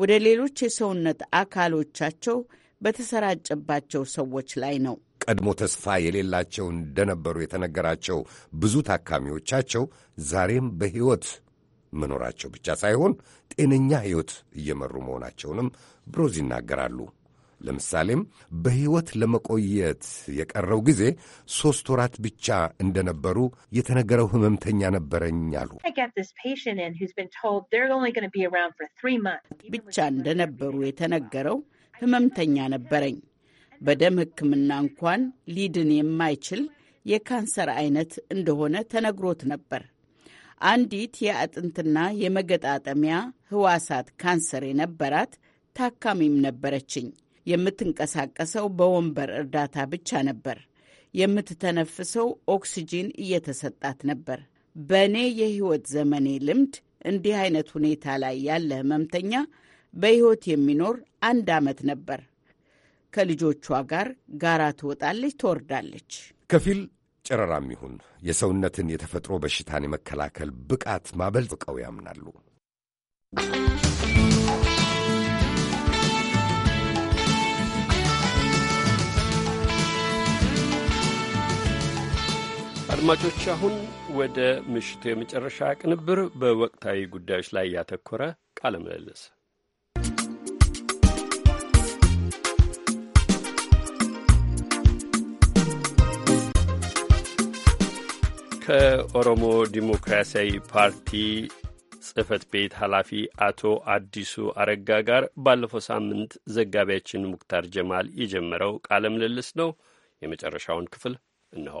ወደ ሌሎች የሰውነት አካሎቻቸው በተሰራጨባቸው ሰዎች ላይ ነው። ቀድሞ ተስፋ የሌላቸው እንደነበሩ የተነገራቸው ብዙ ታካሚዎቻቸው ዛሬም በሕይወት መኖራቸው ብቻ ሳይሆን ጤነኛ ሕይወት እየመሩ መሆናቸውንም ብሮዝ ይናገራሉ። ለምሳሌም በሕይወት ለመቆየት የቀረው ጊዜ ሦስት ወራት ብቻ እንደነበሩ የተነገረው ሕመምተኛ ነበረኝ አሉ። ብቻ እንደነበሩ የተነገረው ሕመምተኛ ነበረኝ። በደም ሕክምና እንኳን ሊድን የማይችል የካንሰር አይነት እንደሆነ ተነግሮት ነበር። አንዲት የአጥንትና የመገጣጠሚያ ህዋሳት ካንሰር የነበራት ታካሚም ነበረችኝ። የምትንቀሳቀሰው በወንበር እርዳታ ብቻ ነበር። የምትተነፍሰው ኦክሲጂን እየተሰጣት ነበር። በእኔ የህይወት ዘመኔ ልምድ እንዲህ አይነት ሁኔታ ላይ ያለ ህመምተኛ በሕይወት የሚኖር አንድ ዓመት ነበር። ከልጆቿ ጋር ጋራ ትወጣለች፣ ትወርዳለች። ከፊል ጨረራም ይሁን የሰውነትን የተፈጥሮ በሽታን የመከላከል ብቃት ማበልጥቀው ያምናሉ። አድማጮች አሁን ወደ ምሽቱ የመጨረሻ ቅንብር በወቅታዊ ጉዳዮች ላይ ያተኮረ ቃለ ምልልስ ከኦሮሞ ዲሞክራሲያዊ ፓርቲ ጽህፈት ቤት ኃላፊ አቶ አዲሱ አረጋ ጋር ባለፈው ሳምንት ዘጋቢያችን ሙክታር ጀማል የጀመረው ቃለ ምልልስ ነው። የመጨረሻውን ክፍል እንሆ።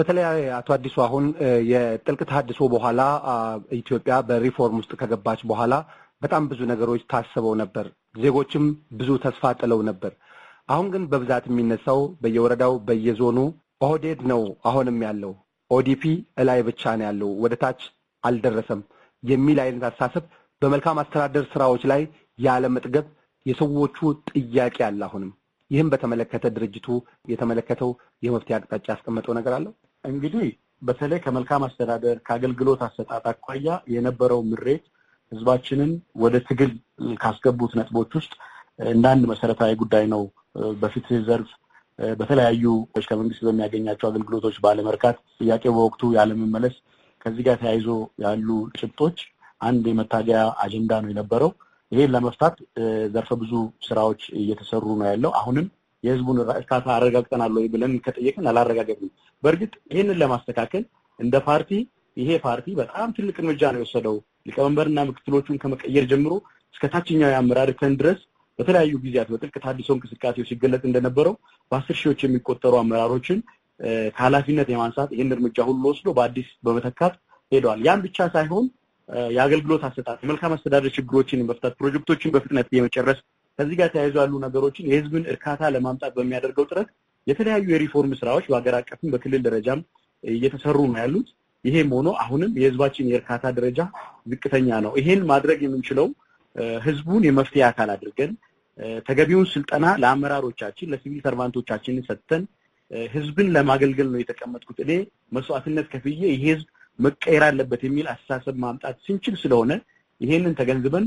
በተለይ አቶ አዲሱ አሁን የጥልቅ ተሐድሶ በኋላ ኢትዮጵያ በሪፎርም ውስጥ ከገባች በኋላ በጣም ብዙ ነገሮች ታስበው ነበር። ዜጎችም ብዙ ተስፋ ጥለው ነበር። አሁን ግን በብዛት የሚነሳው በየወረዳው በየዞኑ ኦህዴድ ነው አሁንም ያለው፣ ኦዲፒ እላይ ብቻ ነው ያለው፣ ወደ ታች አልደረሰም የሚል አይነት አስተሳሰብ በመልካም አስተዳደር ስራዎች ላይ ያለመጥገብ የሰዎቹ ጥያቄ አለ አሁንም። ይህም በተመለከተ ድርጅቱ የተመለከተው የመፍትሄ አቅጣጫ ያስቀመጠው ነገር አለው። እንግዲህ በተለይ ከመልካም አስተዳደር ከአገልግሎት አሰጣጥ አኳያ የነበረው ምሬት ህዝባችንን ወደ ትግል ካስገቡት ነጥቦች ውስጥ እንደ አንድ መሰረታዊ ጉዳይ ነው በፊት ዘርፍ በተለያዩ ከመንግስት በሚያገኛቸው አገልግሎቶች ባለመርካት ጥያቄው በወቅቱ ያለመመለስ ከዚህ ጋር ተያይዞ ያሉ ጭብጦች አንድ የመታገያ አጀንዳ ነው የነበረው። ይሄን ለመፍታት ዘርፈ ብዙ ስራዎች እየተሰሩ ነው ያለው። አሁንም የህዝቡን እርካታ አረጋግጠናል ወይ ብለን ከጠየቅን አላረጋገጥንም። በእርግጥ ይህንን ለማስተካከል እንደ ፓርቲ ይሄ ፓርቲ በጣም ትልቅ እርምጃ ነው የወሰደው። ሊቀመንበርና ምክትሎቹን ከመቀየር ጀምሮ እስከ ታችኛው የአመራር ድረስ በተለያዩ ጊዜያት በጥልቅ ታድሶ እንቅስቃሴው ሲገለጽ እንደነበረው በአስር ሺዎች የሚቆጠሩ አመራሮችን ከኃላፊነት የማንሳት ይህን እርምጃ ሁሉ ወስዶ በአዲስ በመተካት ሄደዋል። ያም ብቻ ሳይሆን የአገልግሎት አሰጣጥ፣ የመልካም አስተዳደር ችግሮችን መፍታት፣ ፕሮጀክቶችን በፍጥነት የመጨረስ ከዚህ ጋር ተያይዞ ያሉ ነገሮችን የህዝብን እርካታ ለማምጣት በሚያደርገው ጥረት የተለያዩ የሪፎርም ስራዎች በሀገር አቀፍም በክልል ደረጃም እየተሰሩ ነው ያሉት። ይሄም ሆኖ አሁንም የህዝባችን የእርካታ ደረጃ ዝቅተኛ ነው። ይሄን ማድረግ የምንችለው ህዝቡን የመፍትሄ አካል አድርገን ተገቢውን ስልጠና ለአመራሮቻችን ለሲቪል ሰርቫንቶቻችን ሰጥተን ህዝብን ለማገልገል ነው የተቀመጥኩት። እኔ መስዋዕትነት ከፍዬ ይሄ ህዝብ መቀየር አለበት የሚል አስተሳሰብ ማምጣት ስንችል ስለሆነ ይሄንን ተገንዝበን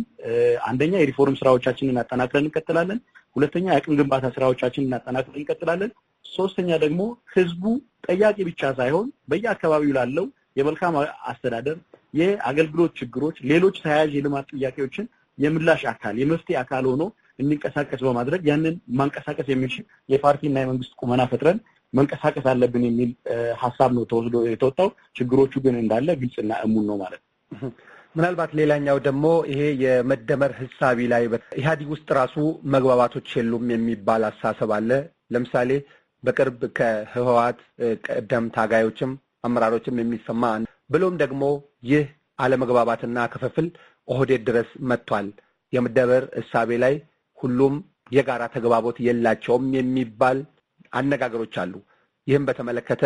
አንደኛ የሪፎርም ስራዎቻችንን አጠናክረን እንቀጥላለን። ሁለተኛ የአቅም ግንባታ ስራዎቻችንን እናጠናክረን እንቀጥላለን። ሶስተኛ ደግሞ ህዝቡ ጠያቂ ብቻ ሳይሆን በየአካባቢው ላለው የመልካም አስተዳደር የአገልግሎት ችግሮች፣ ሌሎች ተያያዥ የልማት ጥያቄዎችን የምላሽ አካል የመፍትሄ አካል ሆኖ እንዲንቀሳቀስ በማድረግ ያንን ማንቀሳቀስ የሚችል የፓርቲና የመንግስት ቁመና ፈጥረን መንቀሳቀስ አለብን የሚል ሀሳብ ነው ተወስዶ የተወጣው። ችግሮቹ ግን እንዳለ ግልጽና እሙን ነው ማለት ነው። ምናልባት ሌላኛው ደግሞ ይሄ የመደመር ህሳቢ ላይ ኢህአዲግ ውስጥ ራሱ መግባባቶች የሉም የሚባል አሳሰብ አለ። ለምሳሌ በቅርብ ከህወሀት ቀደም ታጋዮችም አመራሮችም የሚሰማ ብሎም ደግሞ ይህ አለመግባባትና ክፍፍል ኦህዴድ ድረስ መጥቷል። የመደመር እሳቤ ላይ ሁሉም የጋራ ተግባቦት የላቸውም የሚባል አነጋገሮች አሉ። ይህም በተመለከተ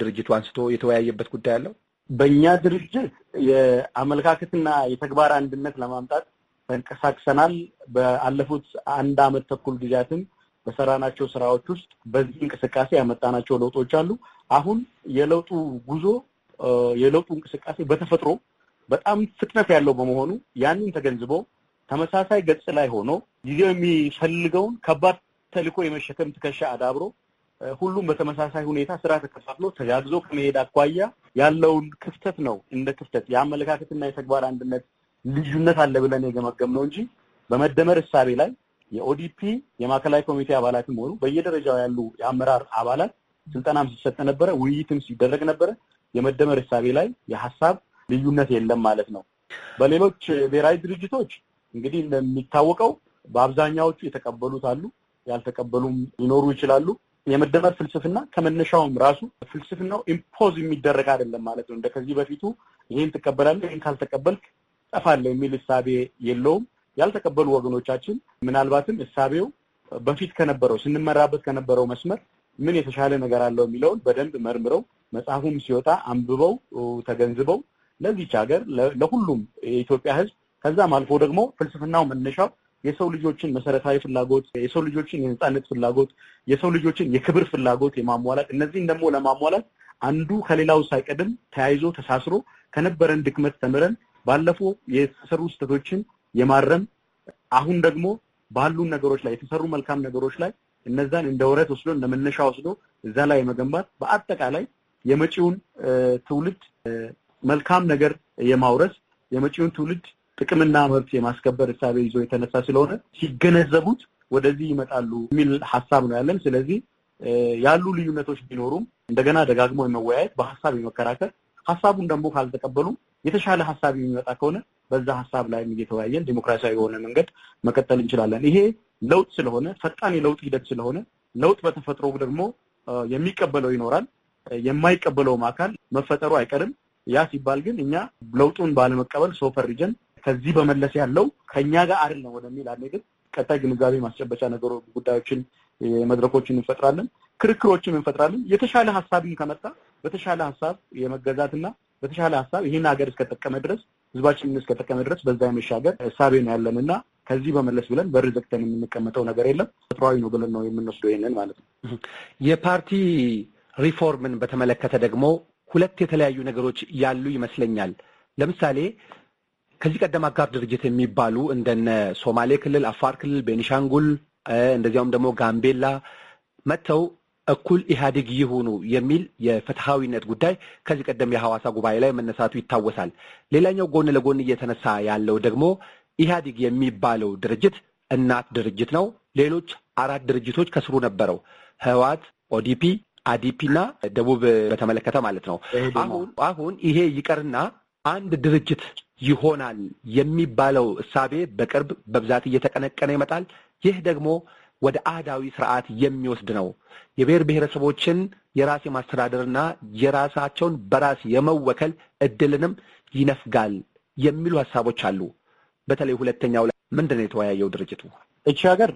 ድርጅቱ አንስቶ የተወያየበት ጉዳይ አለው። በእኛ ድርጅት የአመለካከትና የተግባር አንድነት ለማምጣት ተንቀሳቅሰናል። በአለፉት አንድ አመት ተኩል ጊዜያትም በሰራናቸው ስራዎች ውስጥ በዚህ እንቅስቃሴ ያመጣናቸው ለውጦች አሉ። አሁን የለውጡ ጉዞ የለውጡ እንቅስቃሴ በተፈጥሮ በጣም ፍጥነት ያለው በመሆኑ ያንን ተገንዝቦ ተመሳሳይ ገጽ ላይ ሆኖ ጊዜው የሚፈልገውን ከባድ ተልኮ የመሸከም ትከሻ አዳብሮ ሁሉም በተመሳሳይ ሁኔታ ስራ ተከፋፍሎ ተጋግዞ ከመሄድ አኳያ ያለውን ክፍተት ነው እንደ ክፍተት የአመለካከትና የተግባር አንድነት ልዩነት አለ ብለን የገመገም ነው እንጂ በመደመር እሳቤ ላይ የኦዲፒ የማዕከላዊ ኮሚቴ አባላትም ሆኑ በየደረጃው ያሉ የአመራር አባላት ስልጠናም ሲሰጥ ነበረ፣ ውይይትም ሲደረግ ነበረ። የመደመር እሳቤ ላይ የሀሳብ ልዩነት የለም ማለት ነው። በሌሎች ብሔራዊ ድርጅቶች እንግዲህ እንደሚታወቀው በአብዛኛዎቹ የተቀበሉት አሉ፣ ያልተቀበሉም ሊኖሩ ይችላሉ። የመደመር ፍልስፍና ከመነሻውም ራሱ ፍልስፍናው ኢምፖዝ የሚደረግ አይደለም ማለት ነው። እንደ ከዚህ በፊቱ ይህን ትቀበላለህ፣ ይህን ካልተቀበልክ ጠፋለህ የሚል እሳቤ የለውም። ያልተቀበሉ ወገኖቻችን ምናልባትም እሳቤው በፊት ከነበረው ስንመራበት ከነበረው መስመር ምን የተሻለ ነገር አለው የሚለውን በደንብ መርምረው መጽሐፉም ሲወጣ አንብበው ተገንዝበው ለዚች ሀገር ለሁሉም የኢትዮጵያ ሕዝብ ከዛም አልፎ ደግሞ ፍልስፍናው መነሻው የሰው ልጆችን መሰረታዊ ፍላጎት፣ የሰው ልጆችን የነፃነት ፍላጎት፣ የሰው ልጆችን የክብር ፍላጎት የማሟላት እነዚህን ደግሞ ለማሟላት አንዱ ከሌላው ሳይቀድም ተያይዞ ተሳስሮ ከነበረን ድክመት ተምረን ባለፉ የተሰሩ ስህተቶችን የማረም አሁን ደግሞ ባሉን ነገሮች ላይ የተሰሩ መልካም ነገሮች ላይ እነዛን እንደ ውረት ወስዶ እንደ መነሻ ወስዶ እዛ ላይ የመገንባት በአጠቃላይ የመጪውን ትውልድ መልካም ነገር የማውረስ የመጪውን ትውልድ ጥቅምና መብት የማስከበር እሳቤ ይዞ የተነሳ ስለሆነ ሲገነዘቡት ወደዚህ ይመጣሉ የሚል ሀሳብ ነው ያለን። ስለዚህ ያሉ ልዩነቶች ቢኖሩም እንደገና ደጋግሞ የመወያየት በሀሳብ የመከራከር ሀሳቡን ደግሞ ካልተቀበሉም የተሻለ ሀሳብ የሚመጣ ከሆነ በዛ ሀሳብ ላይም እየተወያየን ዲሞክራሲያዊ የሆነ መንገድ መቀጠል እንችላለን። ይሄ ለውጥ ስለሆነ ፈጣን የለውጥ ሂደት ስለሆነ ለውጥ በተፈጥሮ ደግሞ የሚቀበለው ይኖራል፣ የማይቀበለውም አካል መፈጠሩ አይቀርም። ያ ሲባል ግን እኛ ለውጡን ባለመቀበል ሶፈር ሪጀን ከዚህ በመለስ ያለው ከኛ ጋር አይደለም ወደሚል አንሄድም። ቀጣይ ግንዛቤ ማስጨበጫ ነገሮ ጉዳዮችን መድረኮችን እንፈጥራለን፣ ክርክሮችን እንፈጥራለን። የተሻለ ሀሳብን ከመጣ በተሻለ ሀሳብ የመገዛትና በተሻለ ሀሳብ ይህን ሀገር እስከጠቀመ ድረስ ህዝባችንን እስከጠቀመ ድረስ በዛ የመሻገር እሳቤ ነው ያለን እና ከዚህ በመለስ ብለን በር ዘግተን የምንቀመጠው ነገር የለም። ተፈጥሯዊ ነው ብለን ነው የምንወስደው ይሄንን ማለት ነው። የፓርቲ ሪፎርምን በተመለከተ ደግሞ ሁለት የተለያዩ ነገሮች ያሉ ይመስለኛል። ለምሳሌ ከዚህ ቀደም አጋር ድርጅት የሚባሉ እንደነ ሶማሌ ክልል፣ አፋር ክልል፣ ቤኒሻንጉል እንደዚያውም ደግሞ ጋምቤላ መጥተው እኩል ኢህአዴግ ይሁኑ የሚል የፍትሐዊነት ጉዳይ ከዚህ ቀደም የሐዋሳ ጉባኤ ላይ መነሳቱ ይታወሳል። ሌላኛው ጎን ለጎን እየተነሳ ያለው ደግሞ ኢህአዴግ የሚባለው ድርጅት እናት ድርጅት ነው። ሌሎች አራት ድርጅቶች ከስሩ ነበረው ህዋት፣ ኦዲፒ፣ አዲፒ እና ደቡብ በተመለከተ ማለት ነው። አሁን አሁን ይሄ ይቀርና አንድ ድርጅት ይሆናል የሚባለው እሳቤ በቅርብ በብዛት እየተቀነቀነ ይመጣል። ይህ ደግሞ ወደ አህዳዊ ስርዓት የሚወስድ ነው። የብሔር ብሔረሰቦችን የራስ የማስተዳደርና የራሳቸውን በራስ የመወከል እድልንም ይነፍጋል የሚሉ ሀሳቦች አሉ። በተለይ ሁለተኛው ላይ ምንድን ነው የተወያየው ድርጅቱ? እቺ ሀገር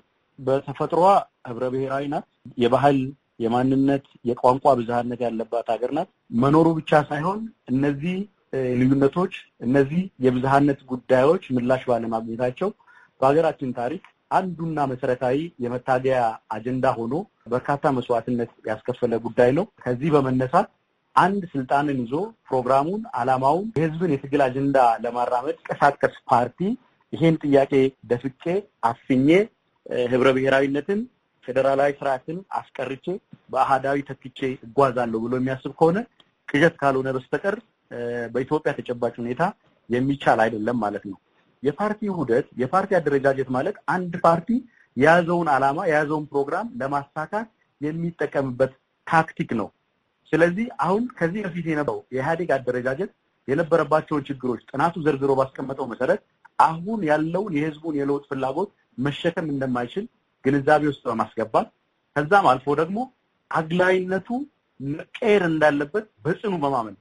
በተፈጥሯ ህብረ ብሔራዊ ናት። የባህል የማንነት፣ የቋንቋ ብዝሃነት ያለባት ሀገር ናት። መኖሩ ብቻ ሳይሆን እነዚህ ልዩነቶች፣ እነዚህ የብዝሃነት ጉዳዮች ምላሽ ባለማግኘታቸው በሀገራችን ታሪክ አንዱና መሰረታዊ የመታገያ አጀንዳ ሆኖ በርካታ መስዋዕትነት ያስከፈለ ጉዳይ ነው። ከዚህ በመነሳት አንድ ስልጣንን ይዞ ፕሮግራሙን፣ አላማውን የህዝብን የትግል አጀንዳ ለማራመድ ቀሳቀስ ፓርቲ ይሄን ጥያቄ ደፍቄ አፍኜ ህብረ ብሔራዊነትን ፌዴራላዊ ስርዓትን አስቀርቼ በአህዳዊ ተክቼ እጓዛለሁ ብሎ የሚያስብ ከሆነ ቅዠት ካልሆነ በስተቀር በኢትዮጵያ ተጨባጭ ሁኔታ የሚቻል አይደለም ማለት ነው። የፓርቲ ውህደት የፓርቲ አደረጃጀት ማለት አንድ ፓርቲ የያዘውን ዓላማ የያዘውን ፕሮግራም ለማሳካት የሚጠቀምበት ታክቲክ ነው። ስለዚህ አሁን ከዚህ በፊት የነበረው የኢህአዴግ አደረጃጀት የነበረባቸውን ችግሮች ጥናቱ ዘርዝሮ ባስቀመጠው መሰረት አሁን ያለውን የህዝቡን የለውጥ ፍላጎት መሸከም እንደማይችል ግንዛቤ ውስጥ በማስገባት ከዛም አልፎ ደግሞ አግላይነቱ መቀየር እንዳለበት በጽኑ በማመን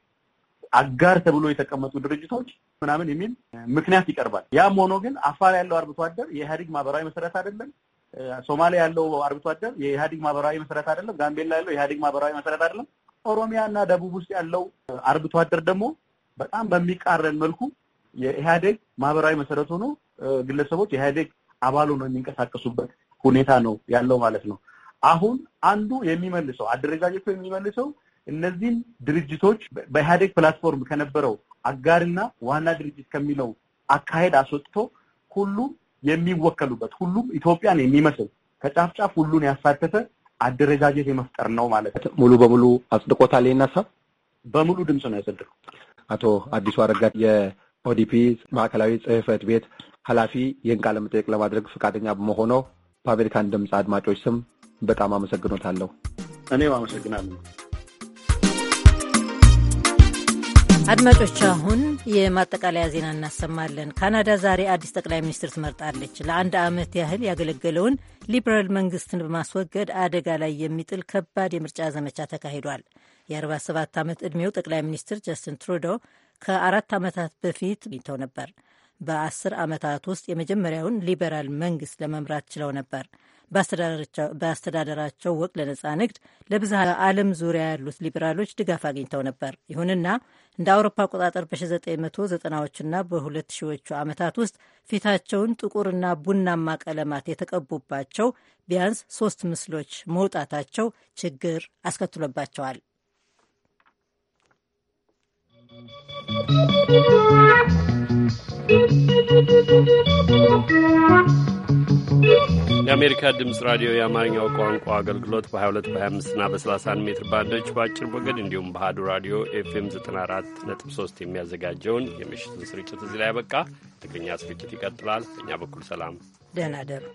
አጋር ተብሎ የተቀመጡ ድርጅቶች ምናምን የሚል ምክንያት ይቀርባል። ያም ሆኖ ግን አፋር ያለው አርብቶ አደር የኢህአዴግ ማህበራዊ መሰረት አይደለም። ሶማሊያ ያለው አርብቶ አደር የኢህአዴግ ማህበራዊ መሰረት አይደለም። ጋምቤላ ያለው የኢህአዴግ ማህበራዊ መሰረት አይደለም። ኦሮሚያ እና ደቡብ ውስጥ ያለው አርብቶ አደር ደግሞ በጣም በሚቃረን መልኩ የኢህአዴግ ማህበራዊ መሰረት ሆኖ ግለሰቦች የኢህአዴግ አባል ሆነው የሚንቀሳቀሱበት ሁኔታ ነው ያለው ማለት ነው። አሁን አንዱ የሚመልሰው አደረጃጀቱ የሚመልሰው እነዚህም ድርጅቶች በኢህአዴግ ፕላትፎርም ከነበረው አጋርና ዋና ድርጅት ከሚለው አካሄድ አስወጥቶ ሁሉም የሚወከሉበት ሁሉም ኢትዮጵያን የሚመስል ከጫፍ ጫፍ ሁሉን ያሳተፈ አደረጃጀት የመፍጠር ነው ማለት ነው። ሙሉ በሙሉ አጽድቆታል። ይህን ሀሳብ በሙሉ ድምፅ ነው ያጸደቀው። አቶ አዲሱ አረጋ የኦዲፒ ማዕከላዊ ጽህፈት ቤት ኃላፊ ይህን ቃለ መጠየቅ ለማድረግ ፈቃደኛ በመሆኖ በአሜሪካን ድምፅ አድማጮች ስም በጣም አመሰግኖታለሁ። እኔም አመሰግናለሁ። አድማጮች አሁን የማጠቃለያ ዜና እናሰማለን። ካናዳ ዛሬ አዲስ ጠቅላይ ሚኒስትር ትመርጣለች። ለአንድ ዓመት ያህል ያገለገለውን ሊበራል መንግስትን በማስወገድ አደጋ ላይ የሚጥል ከባድ የምርጫ ዘመቻ ተካሂዷል። የ47 ዓመት ዕድሜው ጠቅላይ ሚኒስትር ጀስትን ትሩዶ ከአራት ዓመታት በፊት ሚተው ነበር። በአስር ዓመታት ውስጥ የመጀመሪያውን ሊበራል መንግስት ለመምራት ችለው ነበር። በአስተዳደራቸው ወቅት ለነጻ ንግድ ለብዝሃ ዓለም ዙሪያ ያሉት ሊበራሎች ድጋፍ አግኝተው ነበር። ይሁንና እንደ አውሮፓ አቆጣጠር በ1990ዎችና በ2000ዎቹ ዓመታት ውስጥ ፊታቸውን ጥቁርና ቡናማ ቀለማት የተቀቡባቸው ቢያንስ ሶስት ምስሎች መውጣታቸው ችግር አስከትሎባቸዋል። ¶¶ የአሜሪካ ድምፅ ራዲዮ የአማርኛው ቋንቋ አገልግሎት በ22 በ25ና በ31 ሜትር ባንዶች በአጭር ሞገድ እንዲሁም በአሀዱ ራዲዮ ኤፍኤም 94.3 የሚያዘጋጀውን የምሽቱን ስርጭት እዚህ ላይ ያበቃ። ትግርኛ ስርጭት ይቀጥላል። በእኛ በኩል ሰላም፣ ደህና ደሩ።